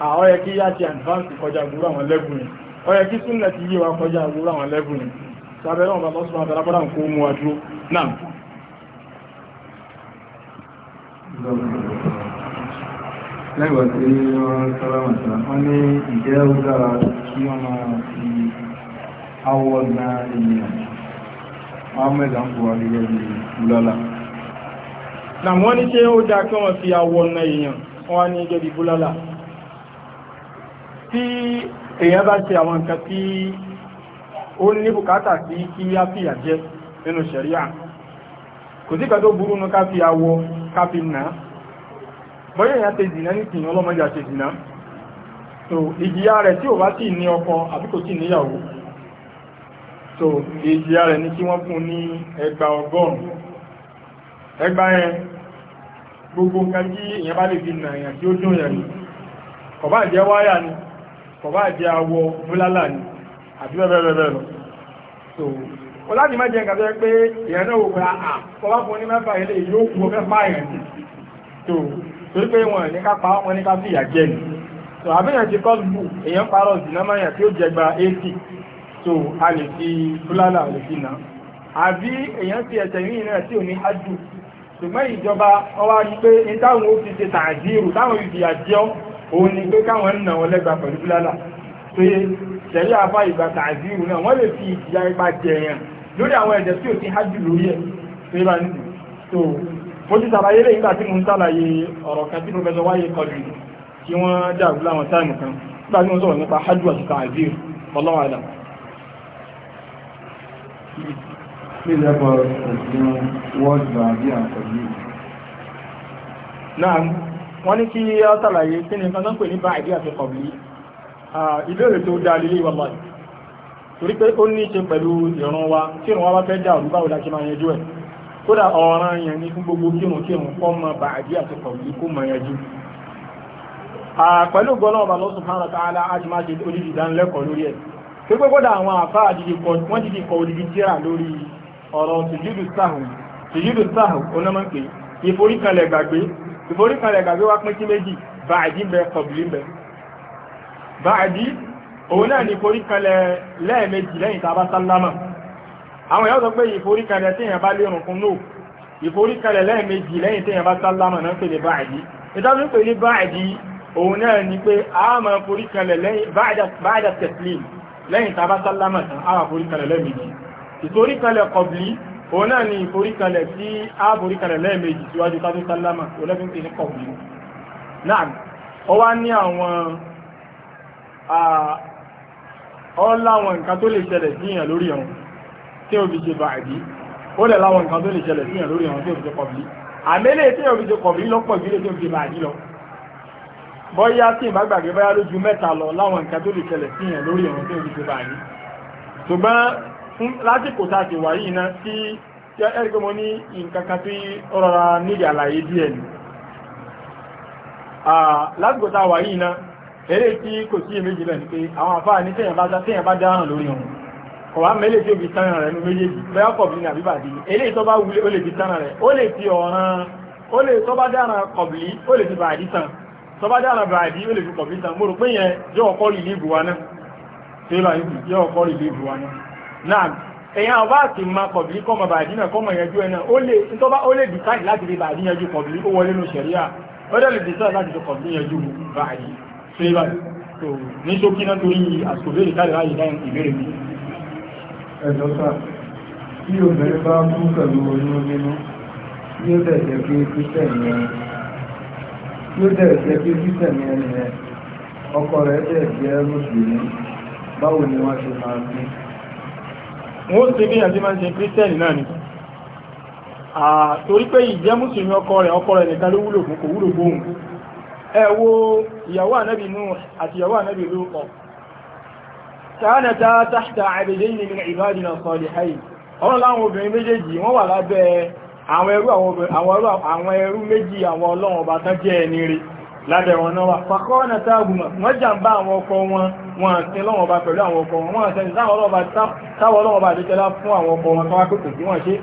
àwọn yẹ kí yá ti advance kọjá gbúrú àwọn lẹ́gùn yìí ó kí súnlẹ̀ ti yíwa kọjá gbúrú àwọn lẹ́gùn yìí sábẹ́ náà bàbá sọ àtàrà bọ́dà kó mú àdúró náà na ènìyàn Mohamed Ambo Adéyẹ́ ní Búlálà. Nà wọ́n ní ṣé ó dáa kí wọ́n fi awọ́ na èèyàn wọ́n ní gẹ́gẹ́ bí tí èèyàn bá ṣe àwọn nǹkan tí ó ní bùkátà sí kí á fìyà nínú kò tó burú nu ká fi awọ ká fi nà á bọ́yẹ̀ èèyàn ṣe dìnà nìsín ọlọ́mọdé àṣẹ dìnà so ìjìyà rẹ̀ tí ò bá sì ní ọkọ àbí kò sì níyàwó so ìjìyà rẹ̀ ni kí wọ́n fún ní ẹgbà ọgọ́rùn-ún ẹgbà yẹn gbogbo nǹkan tí èèyàn bá lè fi nà èèyàn tí ó yẹn wáyà ni kọ̀bá jẹ́ awọ búlálà ni àti bẹ́ẹ̀bẹ́ẹ̀bẹ́ẹ̀ lọ so ó láti má jẹ́ nǹkan tó yẹ pé ìyẹn náà wò pé àà ah, ah, kọ̀bá fún ní mẹ́fà ilé yóò kú ọfẹ́ fáyẹn sí so torí pé wọn ní ká pa wọn ní ká fìyà jẹ ni so àbíyàn ti kọ́ bù èèyàn parọ́ ìdìnnámáyà tí ó jẹ gba 80 so a lè fi búlálà lè fi nà àbí èèyàn ti ẹ̀sẹ̀ yìí náà tí ò ní ájú ṣùgbọ́n ìjọba ọwá rí pé ní táwọn ó fi ṣe tààdírù táwọn òun ni pé káwọn ń nà wọn lẹ́gba pẹ̀lú búlálà tó yé ṣẹ̀rí àbá ìgbà tààzírù náà wọ́n lè fi ìjìyà ipa jẹyàn lórí àwọn ẹ̀jẹ̀ tí ò ti hájú lórí ẹ̀ tó yé bá nìyí tó mo ti ṣàlàyé lẹ́yìn ìgbà tí mo ń ṣàlàyé ọ̀rọ̀ kan tí professor wáyé kọlu tí wọ́n dàrú láwọn táìmù kan nígbà tí wọ́n sọ̀rọ̀ nípa hájú àti tààzírù ọlọ́wọ́ àdàm Náà wọ́n ní kí a ṣàlàyé kí ni nǹkan pè ní báàdì àti kọ̀bìlì ìbéèrè tó dá lílé ìwàlá torí pé ó ní ṣe pẹ̀lú ìran wa tí ìran wa bá fẹ́ dá òru báwo la ṣe máa yanjú ẹ̀ kódà ọ̀ràn yẹn ní fún gbogbo kírun kírun kọ́ mọ báàdì àti kọ̀bìlì kó mọ yanjú pẹ̀lú gbọ́nà ọba Allah ọ̀rọ̀ tìjúdù sáhù tìjúdù sáhù onámọ́pẹ́ ìforíkalẹ̀ gbàgbé ìforí kan rẹ̀ gbàgbé wá pín sí méjì báàdì ń bẹ kọ̀bìlì ń bẹ báàdì òun náà ni ìforí kan lẹ̀ lẹ́ẹ̀mejì lẹ́yìn tá a bá sálámà àwọn èèyàn sọ pé ìforí kan rẹ̀ téèyàn bá lérùn fún náà ìforí kan rẹ̀ lẹ́ẹ̀mejì lẹ́yìn téèyàn bá sálámà náà pè ní báàdì ìtàbí pè ní báàdì òun náà ni pé a máa forí kan lẹ̀ lẹ́yìn báàdà tẹ̀sílì lẹ́yìn tá a bá sálámà tán a forí kan lẹ̀ lẹ́ẹ̀mejì ìforí kan lẹ̀ kọ̀bìlì òun náà ni ìforíkalẹ̀ tí a foríkalẹ̀ lẹ́ẹ̀mejì síwájú tàbí sálámà olófin ti ní kọ̀wé náà ó wá ní àwọn ọláwọn nǹkan tó lè ṣẹlẹ̀ sí èèyàn lórí ọ̀run tí ó fi ṣe bàádì ó lẹ̀ láwọn nǹkan tó lè ṣẹlẹ̀ sí èèyàn lórí ọ̀run tí ó fi ṣe kọ̀wé àmẹ́lẹ̀ tí ó fi ṣe kọ̀wé lọ́pọ̀ jùlọ tí ó fi ṣe bàádì lọ bọ́yá tí ìbágbàgbé báyá lójú mẹ́ta lọ láwọn nǹkan tó lè ṣẹlẹ̀ sí èèyàn lórí ọ̀run tí ó fi ṣe bàádì ṣùgbọ́n fún lásìkò tá a ti wà yìí náà tí ẹ̀rìgbẹ́ mo ní nǹkan kan tí ó rọra nídìí àlàyé díẹ̀ ni lásìkò tá a wà yìí náà eré tí kò sí èméjì lẹ́nu pé àwọn àfáà ní téèyàn bá dáràn lórí wọn ọ̀wá mẹ́lẹ̀ tí ó fi tánà rẹ̀ ní méjèèjì bẹ́ẹ̀ kọ̀bí ní àbíbàdí eléyìí tó bá wulẹ̀ ó lè fi tánà rẹ̀ ó lè fi ọ̀ràn yóò kọ́ rí ìbùwa náà náà èyàn ọba àti ma kọ̀bìlì kọ́mọ bàdínà kọ́mọ ìyẹjú ẹ̀nà ó lè ntọ́ba ó lè dìtáì láti rí bàdí yẹjú kọ̀bìlì ó wọlé nù sẹ̀ríà ó dẹ̀ lè dìtáì láti rí kọ̀bìlì yẹjú bàdí ṣé bá tó ní ṣókí náà torí àsìkò lórí káàdì láyé dáhùn ìbéèrè mi. ẹ dọ́kà tí obìnrin bá kú pẹ̀lú oyún nínú tí ó dẹ̀ jẹ́ pé kíkẹ́ yẹn tí ó dẹ̀ jẹ́ pé kíkẹ́ yẹn ọkọ rẹ̀ dẹ̀ jẹ́ mùsùlùmí báwo ni wọ́n ṣe máa ń gbé wọ́n ṣe bí àti máa ń ṣe kírísítẹ́nì náà ni torí pé ìjẹ́ mùsùlùmí ọkọ rẹ̀ ọkọ rẹ̀ nìkan ló wúlò fún kò wúlò ẹ wo ìyàwó ànábì àti ìyàwó ànábì ló kọ كانتا تحت عبدين lábẹ́ wọn náà wà fàkọ́ọ̀nà táàgùmọ̀ wọ́n jàǹbá àwọn ọkọ wọn wọn àti lọ́wọ́ bá pẹ̀lú àwọn ọkọ wọn wọ́n àti táwọn ọlọ́wọ́ bá àdékẹ́lá fún àwọn ọkọ wọn káwá pẹ̀lú kí wọ́n ṣe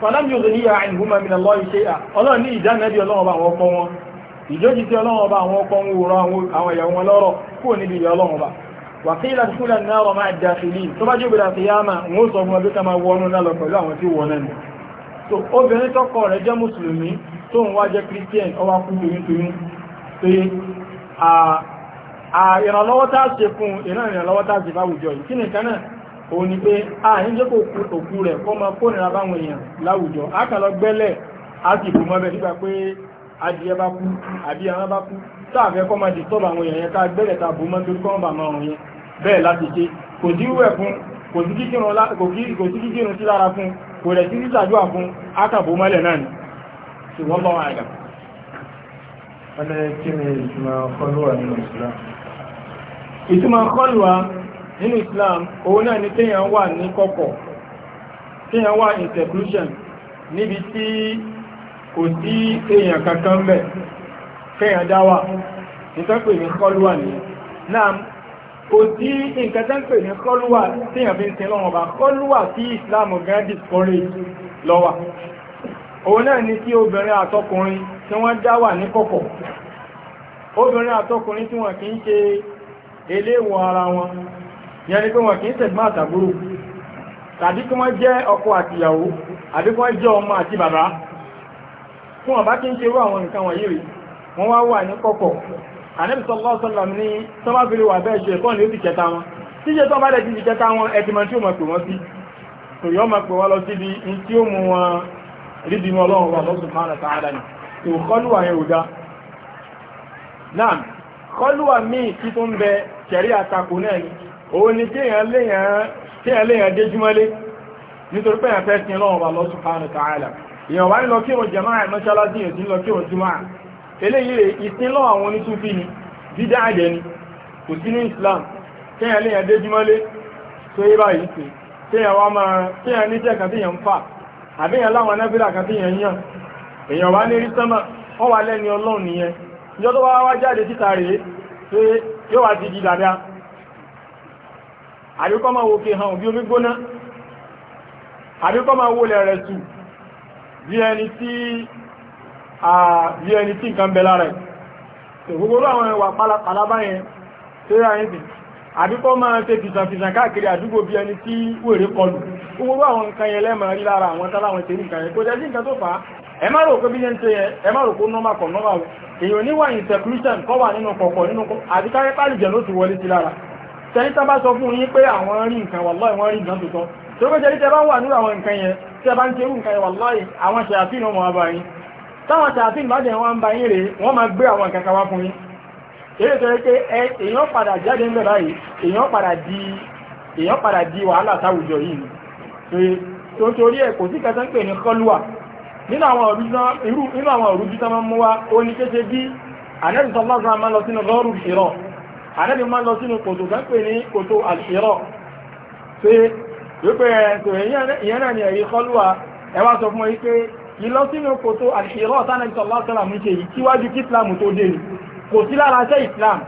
fọlọ́mí òṣèlú àìhùnmọ́ mi lọ́ iṣẹ́ à ọlọ́run ní ìdánilẹ́bí ọlọ́wọ́ bá àwọn ọkọ wọn ìjójì tí ọlọ́wọ́ bá àwọn ọkọ wọn wòrọ àwọn ìyàwó wọn lọ́rọ̀ kúrò níbi ìyà ọlọ́wọ́ bá wàkílà túlẹ̀ náà rọ̀ máa dàfìlì tó bá jùbìlà sí yáàmà wọn ó sọ fún ọdún ká máa wọnú náà lọ pẹ̀lú àwọn tí wọ náà ni so obìnrin tọkọ rẹ̀ jẹ́ mùsùlùmí tó ń wá jẹ́ christian ọwá kú toyúntoyún pé ìrànlọ́wọ́ tá ṣe fún ìran ìrànlọ́wọ́ tá ṣe fáwùjọ yìí kí nìkan náà òun ni pé a ń jẹ́ kò òkú rẹ̀ kọ́ ma kó nìra báwọn èèyàn láwùjọ a kà lọ gbẹ́lẹ̀ a sì kò mọ́bẹ̀ nígbà pé adìyẹ bá kú àbí ara bá kú ta bù mọ́ torí kọ́ bà máa rùn yẹn bẹ́ẹ̀ láti ṣe kò sí wẹ̀ fún kò sí kíkírun sí lára fún kò rẹ̀ sí a kà bù mọ́lẹ̀ náà ni ṣùgbọ́n wọ́n ní kí ni nínú Islam ìtumọ̀ kọlùwà nínú Islam òun náà ni kéèyàn wà ní kọ̀kọ̀ kéèyàn wà in seclusion níbi tí kò sí èèyàn kankan mẹ́ kéèyàn dáwà ìtọ́pẹ̀ ní kọlùwà ní náà kò sí nǹkan ní kọlùwà téèyàn fi ń sin lọ́wọ́ Islam gan discourage lọ́wà òun náà ni kí obìnrin àtọkùnrin tí wọ́n dá ní kọ̀kọ̀ obìnrin àtọkùnrin tí wọ́n kì í ṣe eléwọ̀ ara wọn yẹn pé wọ́n kì tabi ṣẹ̀gbọ́n àtàbúrò tàbí kí wọ́n jẹ́ ọkọ àtìyàwó àbí kí wọ́n jẹ́ ọmọ àti bàbá fún ọ̀bá kí ń ṣe rú àwọn nǹkan wọ̀nyí rídìí mọ́ ọlọ́run wa lọ́sùn máa nàta ara nì tó kọlùwà yẹn ò dá náà kọlùwà míì tí tó ń bẹ kẹrí àtakò náà ni òun ni kéèyàn léèyàn déjúmọ́lé nítorí pé èèyàn fẹ́ sin ọlọ́run wa lọ́sùn máa nàta ara èèyàn wá ń lọ kí òun jẹ̀má àìmọ́ṣáláṣí èèyàn ti ń lọ kí òun jùmọ́ eléyìí rè ìsinlọ́ àwọn onítúfí ni dídá àdẹ ni kò sí ní Islam kéèyàn léèyàn déjúmọ́lé tó yé báyìí pé kéèyàn wá máa kéèyàn níṣẹ́ kan téèyàn ń fà àbíyàn láwọn anábílà kan tí yẹn yàn èèyàn wá ní rí sánmà wọ́n wà lẹ́ni ọlọ́run nìyẹn ìjọ tó wá jáde títà rèé pé yóò wá ti di dàdá àríkọ́ wo kí hàn bí omi gbóná àríkọ́ wo lẹ̀rẹ̀ tù bí ẹni tí nǹkan bẹ lára ẹ̀ àbí kọ́ máa ṣe fìsànfìsàn káàkiri àdúgbò bí ẹni tí wèrè kọlù gbogbo àwọn nǹkan yẹn lẹ́mọ̀ rí lára àwọn táláwọn ṣe nǹkan yẹn kò jẹ́ sí nǹkan tó fà á ẹ má rò pé bí yẹn ń ṣe yẹn ẹ má rò pé nọ́mà kọ̀ nọ́mà o èèyàn níwà ìsẹ̀kúrúṣàn kọ́ wà nínú kọ̀ọ̀kọ̀ nínú kọ́ àti káyẹ́ pálí jẹ̀ ló ti wọlé sí lára tẹ́lí tá bá sọ fún yín pé àwọn rí nǹkan wà lọ́ọ̀ wọ́n rí nǹkan tuntun tó pé tẹ́lí tẹ́ bá wà nínú àwọn nǹkan yẹn tẹ́ bá ń ṣerú nǹkan yẹn wà lọ́ọ̀ àwọn ṣàfihàn ọmọ ọba yín táwọn ṣàfihàn bá jẹ́ wọn bá yín rèé wọ́n máa gbé àwọn nǹkan kan wá fún yín èyí tó yẹ pé èèyàn padà jáde ń bẹ̀rẹ̀ yìí èèyàn padà di wàhálà táwùjọ yìí tó ń torí ẹ̀ kò sí kẹta ń pè ní kọlùwà nínú àwọn òrùjú tán máa mú wá ó ní kéṣe bí anẹ́bí sọlọ́sọ máa lọ sínú lọ́rù ìrọ̀ anẹ́bí máa lọ sínú kòtò tán pè ní kòtò àṣírọ̀ pé wípé ìyẹn náà ni ẹ̀rí kọlùwà ẹ wá sọ fún ẹ pé ìlọ sínú kòtò àṣírọ̀ tánẹ́bí sọlọ́sọ kò sí lára ṣẹ́ islam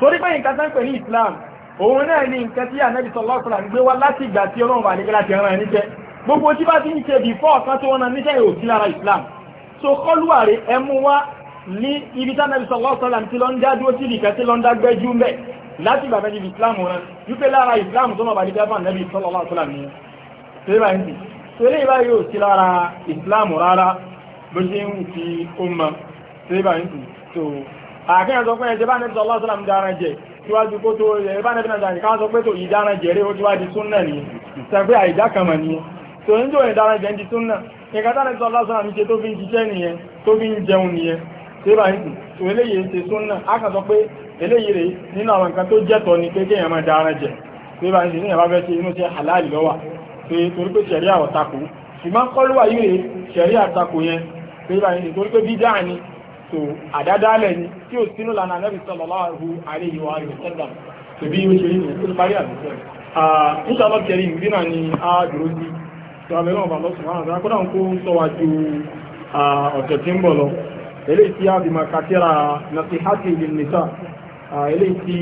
torí pé nǹkan tán pè ní islam òun náà ni nǹkan tí ànábì sallallahu alaihi wasallam gbé wá láti ìgbà tí ọlọ́run wà ní láti ẹran ẹni jẹ́ gbogbo tí bá ti ń ṣe before ọ̀kan tí wọ́n na níṣẹ́ ò sí lára islam so kọlùwàrí ẹmú wá ní ibi tí ànábì sallallahu alaihi wasallam ti lọ ń dá dúró sí ìkẹ́ tí lọ ń dá gbẹ́jú mẹ́ láti ìgbà mẹ́jì islam wọn wípé lára islam tó náà bà ní gẹ́fà ànábì sallallahu ni ṣe bá ń sì ṣe lè bá yóò sí lára islam rárá bó ṣe ń wù kí ó mọ ṣe bá ń sì tó àkíyàn sọ pé ẹjẹ bá nẹ́bí sọlá sọlá dára jẹ síwájú kó tó ẹjẹ bá nẹ́bí náà ká sọ pé tó ìdára jẹrẹ ó ti wá di súnnà ni sẹpẹ́ àìdá kan mọ̀ nìyẹn tó ń tó ìdára jẹ di súnnà ìkàtà nẹ́bí sọlá sọlá ní ṣe tó fi ń jíṣẹ́ nìyẹn tó fi ń jẹun nìyẹn tó bá ń tó eléyìí ṣe súnnà á kàn sọ pé eléyìí rèé nínú àwọn nǹkan tó jẹ́tọ̀ ni pé kéèyàn máa dára jẹ tó ń ṣe bá fẹ́ ṣe inú ṣe halal lọ́wà pé torí pé ṣẹ̀rí àwọ̀ takò ṣùgbọ́n kọ́lùwà yìí rèé ṣẹ̀rí àtakò yẹn pé bá ń ṣe torí pé bídáà ni To àdádálẹ̀ ni tí ó sínú lànà Ànábì sallallahu alaihi wa sallam tó bí ó ṣe rí nìyẹn tó parí àdúgbò nígbà lọ kẹrin ìwé náà ni a dúró sí tó abẹ́rẹ́ wọn bá lọ sùn wọn kó dáhùn kó ń sọ wá ju ọ̀tẹ̀ tí ń bọ̀ lọ eléyìí tí a fi máa kàtíra nasihati lin nisa eléyìí